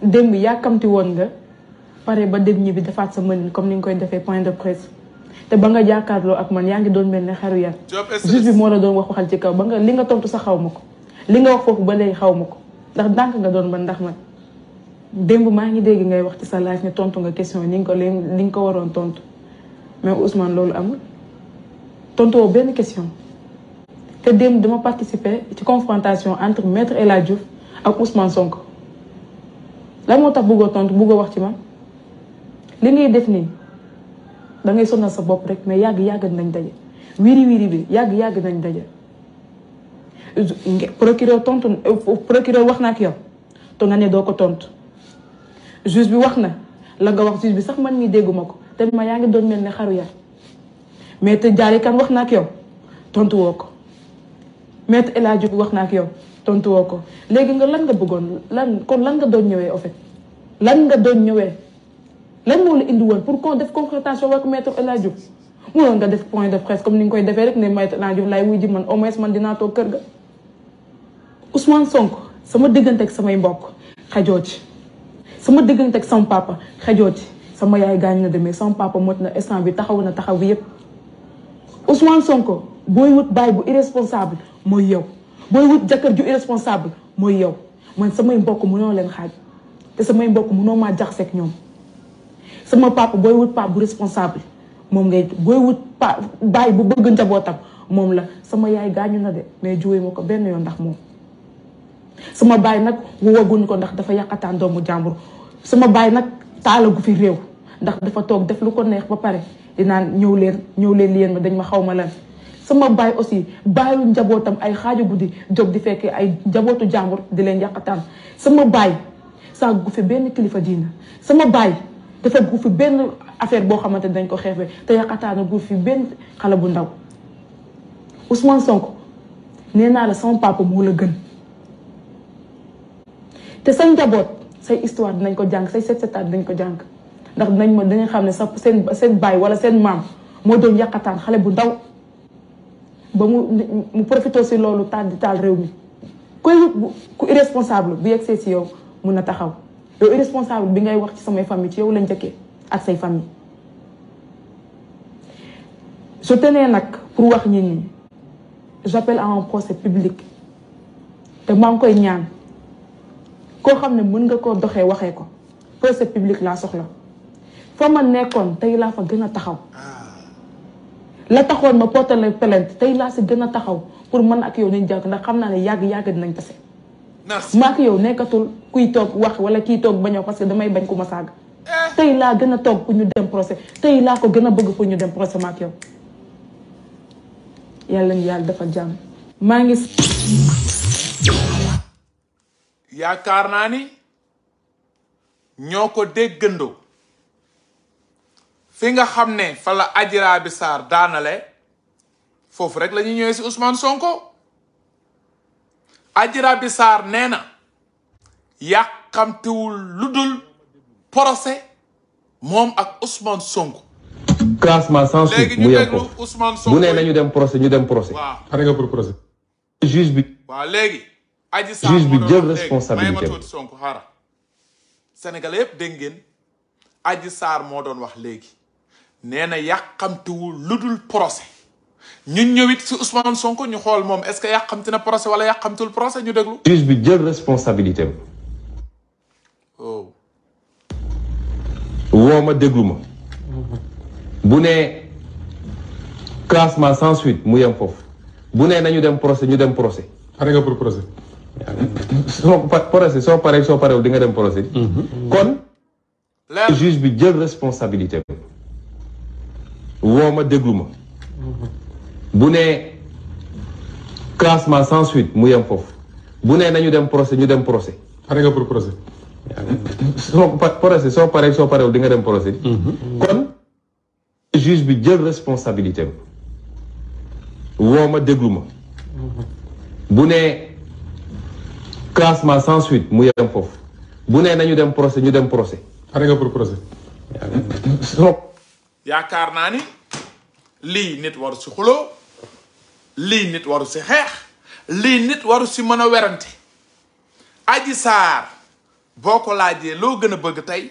démb yàkkamti woon nga pare ba dem ñi bi defaat sa mën comme ni nga koy defee point de presse te ba nga jàkkaarloo ak man yaa ngi doon mel ne xaru yan juste bi moo la doon wax waxal ci kaw ba nga li nga tontu sa xaw ma ko li nga wax foofu ba léegi xaw ma ko ndax ndànk nga doon man ndax man démb maa ngi dégg ngay wax ci sa laaj ne tontu nga question ni nga ko li nga ko waroon tontu mais Ousmane loolu amul tontoo benn question te dem dama participer ci confrontation entre maître El Hadji Diouf ak Ousmane sonk la moo tax bëggoo tontu bëggoo wax ci man li ngay def nii da ngay na sa bopp rek mais yàgg yàgg nañ daje wiiri wiiri bi yàgg yàgg nañ daje. procureur tontu procureur wax na ak yoo te nga ne doo ko tontu juge bi wax na la nga wax juge bi sax man mii dégguma ko. te ma yaa ngi doon mel ne xaru yar jaar Diary kam wax na ak yow tontu woo ko maître El Hadji wax naa ak yow tontu woo ko léegi nga lan nga bëggoon lan kon lan nga doon ñëwee ofe fait lan nga doon ñëwee lañ moo la indi pour qu'on def confrontation ak maître El Hadji mënoon nga def point de presse comme ni nga koy defee rek ne maître El Hadji laay wuy ji man au moins man dinaa toog kër ga Ousmane Sonko sama diggante ak samay mbokk xajoo ci sama diggante ak sama papa xajoo ci sama yaay gaañ na demee sama papa mot na instant bi taxaw na taxaw yëpp Ousmane Sonko booy wut baay bu irresponsable mooy yow booy wut jëkkër ju irresponsable mooy yow man samay mbokk mënoo leen xaaj te samay mbokk mu mënoo maa jaxase ak ñoom sama papa booy wut papa bu responsable moom ngay booy wut pa baay bu bëgg njabootam moom la sama yaay gaañu na de mais juwee ma ko benn yoon ndax moom sama baay nag wowaguñ ko ndax dafa yàqataan doomu jàmbur sama baay nag taalagu fi réew ndax dafa toog def lu ko neex ba pare di naan ñëw leen ñëw leen yéen ma dañ ma xaw ma la sama baay aussi bàyyilu njabootam ay xaajo guddi jóg di fekkee ay njabootu jàmbur di leen yàqataan sama baay saa gu benn kilifa diina sama baay dafa gu benn affaire boo xamante dañ ko xeefe te yàqataana gu fi benn xale bu ndaw Ousmane Sonko nee naa la sama papa moo la gën te sa njaboot say histoire dinañ ko jàng say set setaat dinañ ko jàng ndax dinañ ma dinañ xam ne sa seen seen baay wala seen maam moo doon yàqataan xale bu ndaw ba mu mu profité si loolu taal di taal réew mi kuy ku irresponsable bu yegsee si yow mun a taxaw yow irresponsable bi ngay wax ci samay famille ci yow la njëkkee ak say famille je tenais nag pour wax ñi ñi j'appelle à un procès public te maa ngi koy ñaan koo xam ne mën nga koo doxee waxee ko procès public laa soxla fa man nekkoon tey laa fa gën a taxaw ah. la taxoon ma porté la plainte tey laa si gën a taxaw pour mën ak yow nañ jàkk ndax xam naa ne yàgg-yàgg dinañ tase ma maak yow nekkatul kuy toog wax wala kiy toog bañoo parce que damay bañ ku ma saag eh. tey laa gën a toog pour ñu dem procès tey laa ko gën a bëgg pour ñu dem procès ma ak yow yàlla ñu yàlla dafa jàmm maa ngi yaakaar naa ni ñoo ko déggandoo fi nga xam ne fa la Adjira bi Sarr daanale foofu rek la ñuy ñëwee si Ousmane Sonko Adjira bi Sarr nee na yàqamtiwul lu dul procès moom ak Ousmane Sonko. classement sans suite mu yem ko bu nee nañu dem procès ñu dem procès. waaw pare nga bi. waaw léegi. Adji Sarr juge bi jël responsabilité am Sonko xaaral. Sénégalais yëpp dégg ngeen Adji Sarr moo doon wax léegi. nee na yàqamtiwul lu dul procès ñun ñëwit si Ousmane Sonko ñu xool moom est-ce que yàqamti na procès wala yàqamtiwul procès ñu déglu. juge bi jël responsabilité am. oh. woo ma déglu ma. bu nee classement sans suite mu yem foofu. bu nee nañu dem procès ñu dem procès. pare nga pour procès. soo procès soo paree soo parewul di nga dem procès. Mhm. kon. juge bi jël responsabilité am. woo ma déglu ma bu nee classement sans suite mu yem foofu bu nee nañu dem procès ñu dem procès. pare nga pour procès. soo procès soo paree soo parewul di nga dem procès. kon juge bi jël responsabilité am woo ma déglu ma bu nee classement sans suite mu yem foofu bu ne nañu dem procès ñu dem procès. pare yaakaar naa ni lii nit waru si xuloo lii nit waru si xeex lii nit waru si mën a weranti aji saar boo ko laajee loo gën a bëgg tey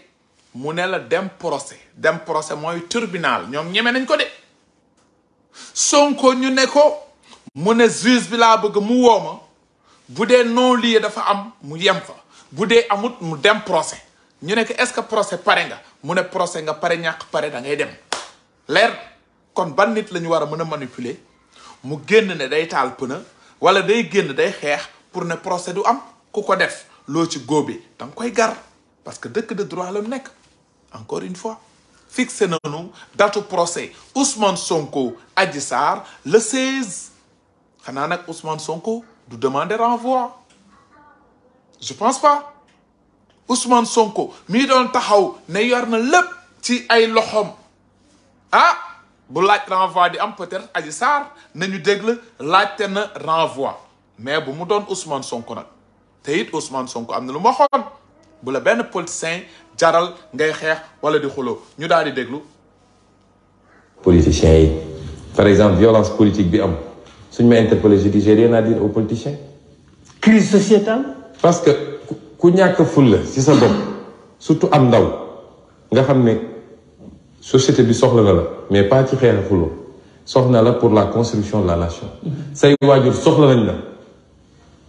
mu ne la dem procès dem procès mooy tribunal ñoom ñeme nañ ko de sonko ñu ne ko mu ne juge bi laa bëgg mu wooma bu dee non lieu dafa am mu yem fa bu dee amut mu dem procès ñu ne ko est-ce que procès pare nga mu ne procès nga pare ñàkk pare dangay dem leer kon ban nit la ñu war a mën a manipuler mu génn ne day taal pëna wala day génn day xeex pour ne procès du am ku ko def loo ci góobe da nga koy gar parce que dëkk de droit la nekk encore une fois fixé nañu datu procès Ousmane Sonko Adji Sarr le 16 xanaa nag Ousmane Sonko du demander renvoi je pense pas Ousmane Sonko mii doon taxaw ne yor na lépp ci ay loxoom ah bu laaj renvoi di am peut-être Adji Sarr nañu déglu laaj na renvoi mais bu mu doon Ousmane Sonko nag te it Ousmane Sonko am na lu ma waxoon bu la benn politicien jaral ngay xeex wala di xuloo ñu daal di déglu. politiciens yi par exemple violence politique bi am suñ ma interpellé je dis j'ai rien à dire aux crise sociétale. parce que. ku ñàkk ful la ci sa bopp surtout am ndaw nga xam ne société bi soxla na la mais pas ci xeex fulla soxna la pour la construction de la nation mm-hmm. say waajur soxla nañ la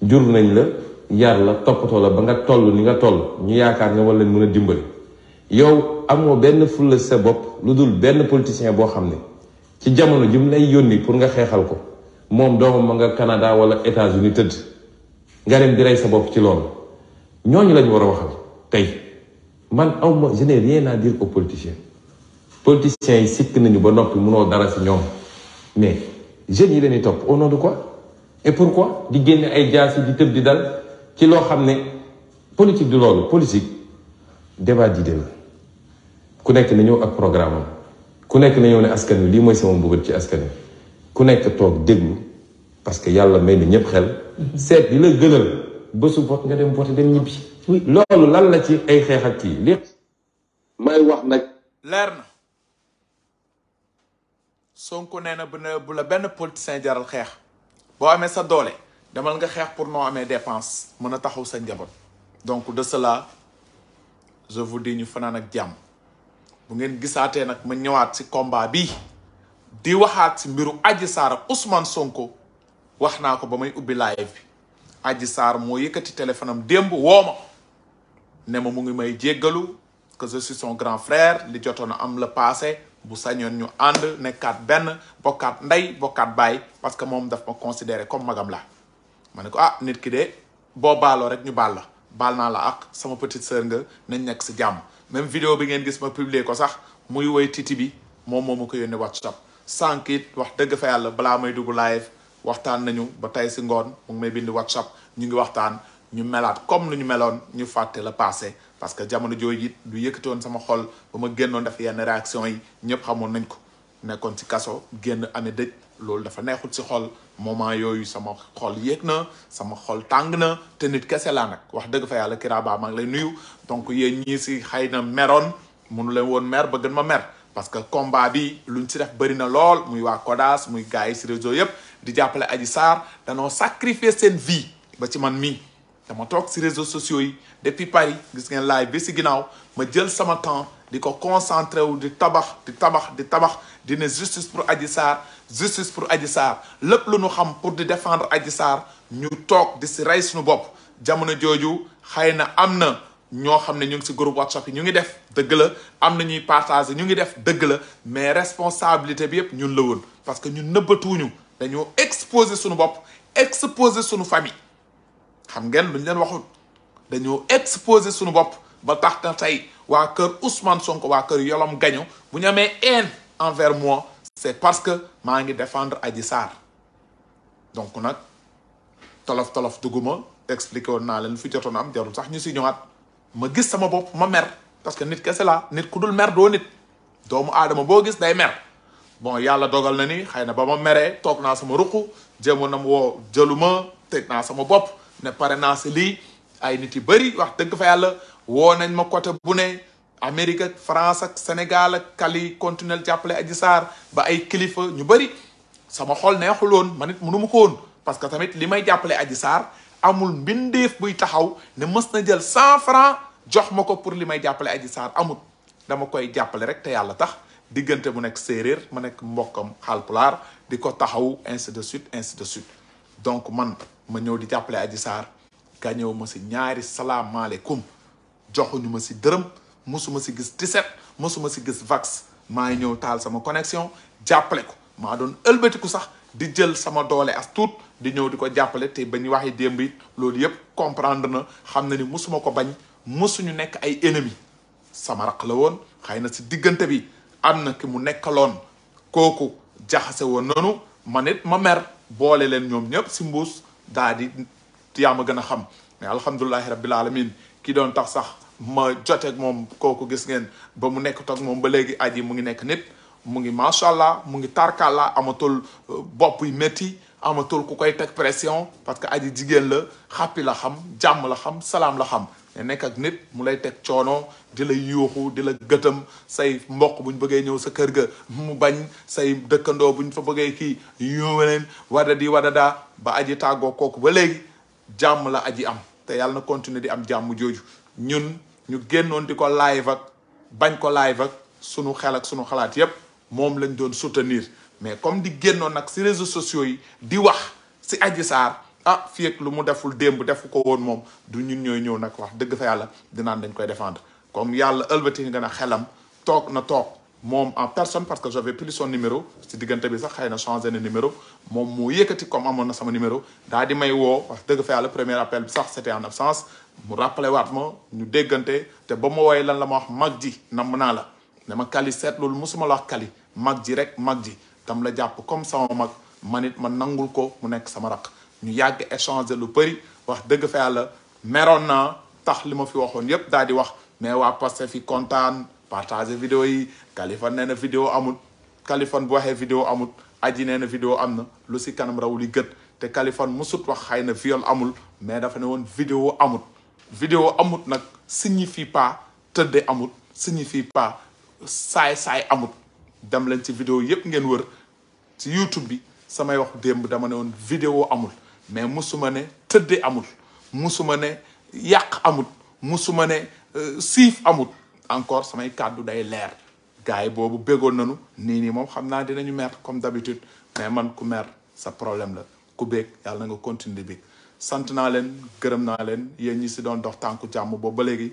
jur nañ la yar la toppatoo la ba nga toll ni nga toll ñu yaakaar nga war lañ mën a dimbali yow amoo benn fulla sa bopp lu dul benn politicien boo xam ne ci jamono ji mu lay yónni pour nga xeexal ko moom doomam ma nga Canada wala États-Unis tëdd nga dem di rey sa bopp ci loolu ñooñu lañu war a waxal tey man awma je n'ai rien à dire aux politiciens politiciens yi sikk nañu ba noppi munoo dara si ñoom mais jeunes yi lañuy topp au noonu ko quoi pour pourquoi di génne ay jaasi di tëb di dal ci loo xam ne politique du loolu politique débat d'idée la ku nekk na ñëw ak programme am ku nekk na ñëw ne askan wi lii mooy sama mbëbët ci askan wi ku nekk toog déglu parce que yàlla may na ñëpp xel mhm. seet li la gënal bësu vote nga dem vote dem ñibbi. loolu lan la ci ay xeex ak kii li may wax nag. leer na Sonko nee na bu ne bu la benn politicien jaral xeex. boo amee sa doole demal nga xeex pour noo amee dépense mën a taxaw sa njaboot. donc de cela je vous dis ñu fanaan ak jàmm bu ngeen gisaatee nag ma ñëwaat ci combat bi di waxaat mbiru Adji Sarr ak Ousmane Sonko wax naa ko ba may ubbi live bi. Adji Sarr moo yëkkati téléphone am démb woo ma ne ma mu ngi may jéggalu que je suis son grand frère li jotoon am la passé bu sañoon ñu ànd nekkaat benn bokkaat nday bokkaat baay parce que moom daf ma considéré comme magam la ma ne ko ah nit ki de boo baaloo rek ñu baal la baal naa la ak sama petite sœur nga nañ nekk si jàmm même vidéo bi ngeen gis ma publier ko sax muy woy titi bi moom moo ma ko yónnee WhatsApp sànq it wax dëgg fa yàlla balaa may dugg live waxtaan nañu ba tey si ngoon mu ngi may bind WhatsApp ñu ngi waxtaan ñu melaat comme lu ñu meloon ñu fàtte la passé parce que jamono jooju it lu yëkkatoon sama xol ba ma génnoon def yenn réaction yi ñëpp xamoon nañ ko nekkoon ci kaso génn amee dëj loolu dafa neexul si xol moment yooyu sama xol yéeg na sama xol tàng na te nit kese laa nag wax dëgg fa yàlla Kira Ba maa ngi lay nuyu donc yéen ñii si xëy na meroon munu leen woon mer ba gën ma mer parce que combat bi lu luñ si def bëri na lool muy waa Kodas muy gars yi si réseau yëpp di jàppale aji Sarr danoo sacrifier seen vie ba ci man mii dama toog si réseau sociaux yi depuis Paris gis ngeen live bi si ginnaaw ma jël sama temps di ko concentré wu di tabax di tabax di tabax di ne justice pour Adji Sarr justice pour aji Sarr lépp lu ñu xam pour di défendre aji Sarr ñu toog di si rey suñu bopp jamono jooju xëy na am na. ñoo xam ne ñu ngi si groupe WhatsApp yi ñu ngi def dëgg la am na ñuy partager ñu ngi def dëgg la mais responsabilité bi yëpp ñun la woon parce que ñun nëbbatuuñu dañoo exposer suñu bopp exposer suñu famille xam ngeen luñ leen waxul dañoo exposer suñu bopp ba tax na tey waa kër Ousmane sonk waa kër Yolom Gaño bu ñu amee haine envers moi c'est parce que maa ngi défendre Adji Sarr donc nag tolof tolof dugguma expliqué woon naa leen fi jotoon am jarul sax ñu si ñëwaat. ma gis sama bopp ma mer parce que nit kese laa nit ku dul mer doo nit doomu aadama boo gis day mer bon yàlla dogal na ni xëy na ba ma mere toog naa sama ruq jéemoon na mu woo jëlu ma teg naa sama bopp ne pare naa si lii ay nit yu bëri wax dëgg fa yàlla woo nañ ma côté bu ne Amérique ak France ak Sénégal ak Kali continental jàppale Adji Sarr ba ay kilifa ñu bëri sama xol neexul woon man it mënu ma ko woon parce que tamit li may jàppale Adji Sarr amul mbindeef buy taxaw ne mës na jël cent franc jox ma ko pour li may jàppale aji Sarr amut dama koy jàppale rek te yàlla tax diggante bu nekk séeréer ma nekk mbokkam xaalpulaar di ko taxaw ainsi de suite ainsi de suite donc man ma ñëw di jàppale aji saar Sarr ñëw ma si ñaari salaamaaleykum ñu ma si dërëm mosuma si gis 17 mosuma si gis vax maa ngi ñëw taal sama connexion jàppale ko maa doon ëlbatiku sax di jël sama doole as tuut di ñëw di ko jàppale tey ba ñu waxee démb it loolu yëpp comprendre na xam na ni mosuma ko bañ mosuñu nekk ay ennemis sama raq la woon xëy na si diggante bi am na ki mu nekkaloon kooku jaxase woon noonu man it ma mer boole leen ñoom ñëpp si mbuus daa di yaa ma gën a xam mais alhamdulilahi rabbil alamin kii doon tax sax ma joteeg moom kooku gis ngeen ba mu nekk toog moom ba léegi yi mu ngi nekk nit mu ngi macha allah mu ngi tarkalla amatul euh, bopp yu métti. amatul ku koy teg pression parce que aji jigéen la xàppi la xam jàmm la xam salaam la xam ne nekk ak nit mu lay teg coono di la yuuxu di la gëtam say mboq bu ñu bëggee ñëw sa kër ga mu bañ say dëkkandoo bu ñu fa bëggee kii yuuwaleen wada di wada daa ba aji tàggoo kooku ba léegi jàmm la aji am te yàlla na continuer di am jàmm jooju ñun ñu génnoon di ko live ak bañ ko live ak sunu xel ak sunu xalaat yépp moom lañ doon soutenir mais comme di génnoon nag si réseaux sociaux yi di wax si Adji Sarr ah fii ak lu mu deful démb def ko woon moom du ñu ñëw ñëw nag wax dëgg fa yàlla dinaan dañ koy défendre comme yàlla ëlbati nga dana xelam toog na toog moom en personne parce que j'avais plus son numéro si diggante bi sax xëy na changé na numéro moom moo yëkkati comme amoon na sama numéro daa di may woo wax dëgg fa yàlla premier appel bi sax c'était en absence mu rappelé waat ma ñu déggante te ba ma wooye lan la ma wax mag ji namm naa la dama kali seet mosuma la wax kali mag ji rek mag ji tam la jàpp comme sama mag man it ma nangul ko mu nekk sama raq ñu yàgg échanger lu bëri wax dëgg fa yàlla meroon na tax li ma fi waxoon yépp daal di wax mais waa Pastef fi kontaan partager vidéo yi Kaliphone nee na vidéo amul Kaliphone bu waxee vidéo amut aji nee na vidéo am na lu si kanam raw li gët te Kaliphone musut wax xëy na viol amul mais dafa ne woon vidéo amut vidéo amut nag signifie pas tëdde amut signifie pas saay-saay amut dem leen ci vidéo yépp ngeen wër ci YouTube bi samay wax démb dama ne woon vidéo amul mais ma ne tëdde amul musuma ne yàq amul musuma ne euh, siif amul encore samay kàddu day leer gars yi boobu béggoon nañu nii nii moom xam naa dinañu mer comme d'habitude mais man ku mer sa problème la ku béeg yàlla na nga continuer bi sant naa leen gërëm naa leen yéen ñi si doon dox tànku jàmm boobu ba léegi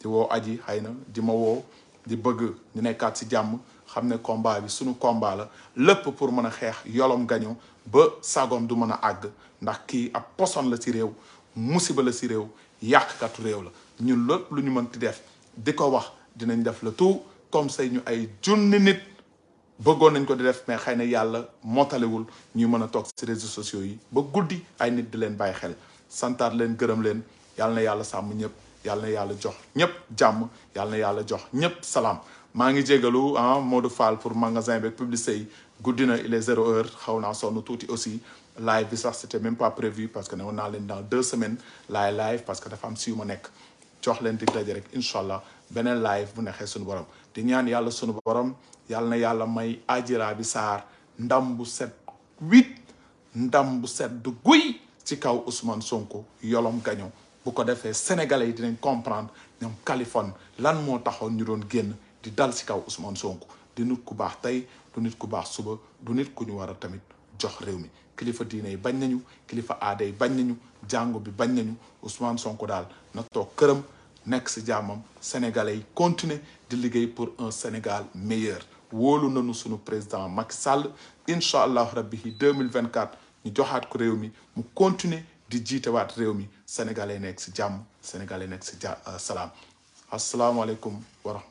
di woo aji xëy na di ma woo di bëgg ñu nekkaat si jàmm xam ne combat bi suñu kombaa la lépp pour mën a xeex yolom gaño ba sagoom du mën a àgg ndax kii ab poson la ci réew musiba la ci réew yàqkatu réew la ñun lépp lu ñu mënti def di ko wax dinañ def le tout comme say ñu ay junni nit bëggoon nañ ko di def mais xëy na yàlla mootalewul ñuy mën a toog ci réseaux sociaux yi ba guddi ay nit di leen bàyyi xel santaat leen gërëm leen yàlla yàlla sàmm ñëpp yàlla yàlla jox ñëpp jàmm yàlla yàlla jox ñëpp salaam maa ngi jégalu ah Modou Fall pour magasin bi publicité yi guddi na il est zéro heure xaw naa sonn tuuti aussi live bi sax c'était même pas prévu parce que ne woon naa leen dans deux semaines laay live parce que dafa am si ma nekk jox leen dig daje rek incha allah beneen live bu neexee sunu borom di ñaan yàlla suñu borom yàlla na yàlla may ajira bi saar ndam bu set huit ndam bu set du guy ci kaw usman Sonko yolom gaño bu ko defee sénégalais yi dinañ comprendre ñoom Kaliphone lan moo taxoon ñu doon génn di dal si kaw Ousmane Sonko di nit ku baax tey du nit ku baax suba du nit ku ñu war tamit jox réew mi kilifa diine yi bañ nañu kilifa aada yi bañ nañu jàngo bi bañ nañu Ousmane Sonko daal na toog këram nekk si jàmmam sénégalais yi continuer di liggéey pour un Sénégal meilleur wóolu nanu sunu président Macky Sall incha allah rabbi hi 2024 ñu joxaat ko réew mi mu continuer di jiitewaat réew mi sénégalais nekk si jàmm sénégalais nekk si ja euh, salaam asalaamaaleykum wa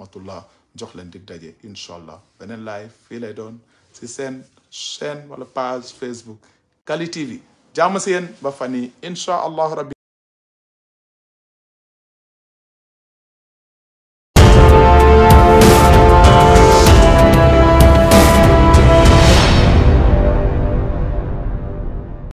jox leen dig daje incha allah beneen live fii lay doon si seen chaîne wala page Facebook Kali TV jàmm si yéen ba fan yi incha allah rabbi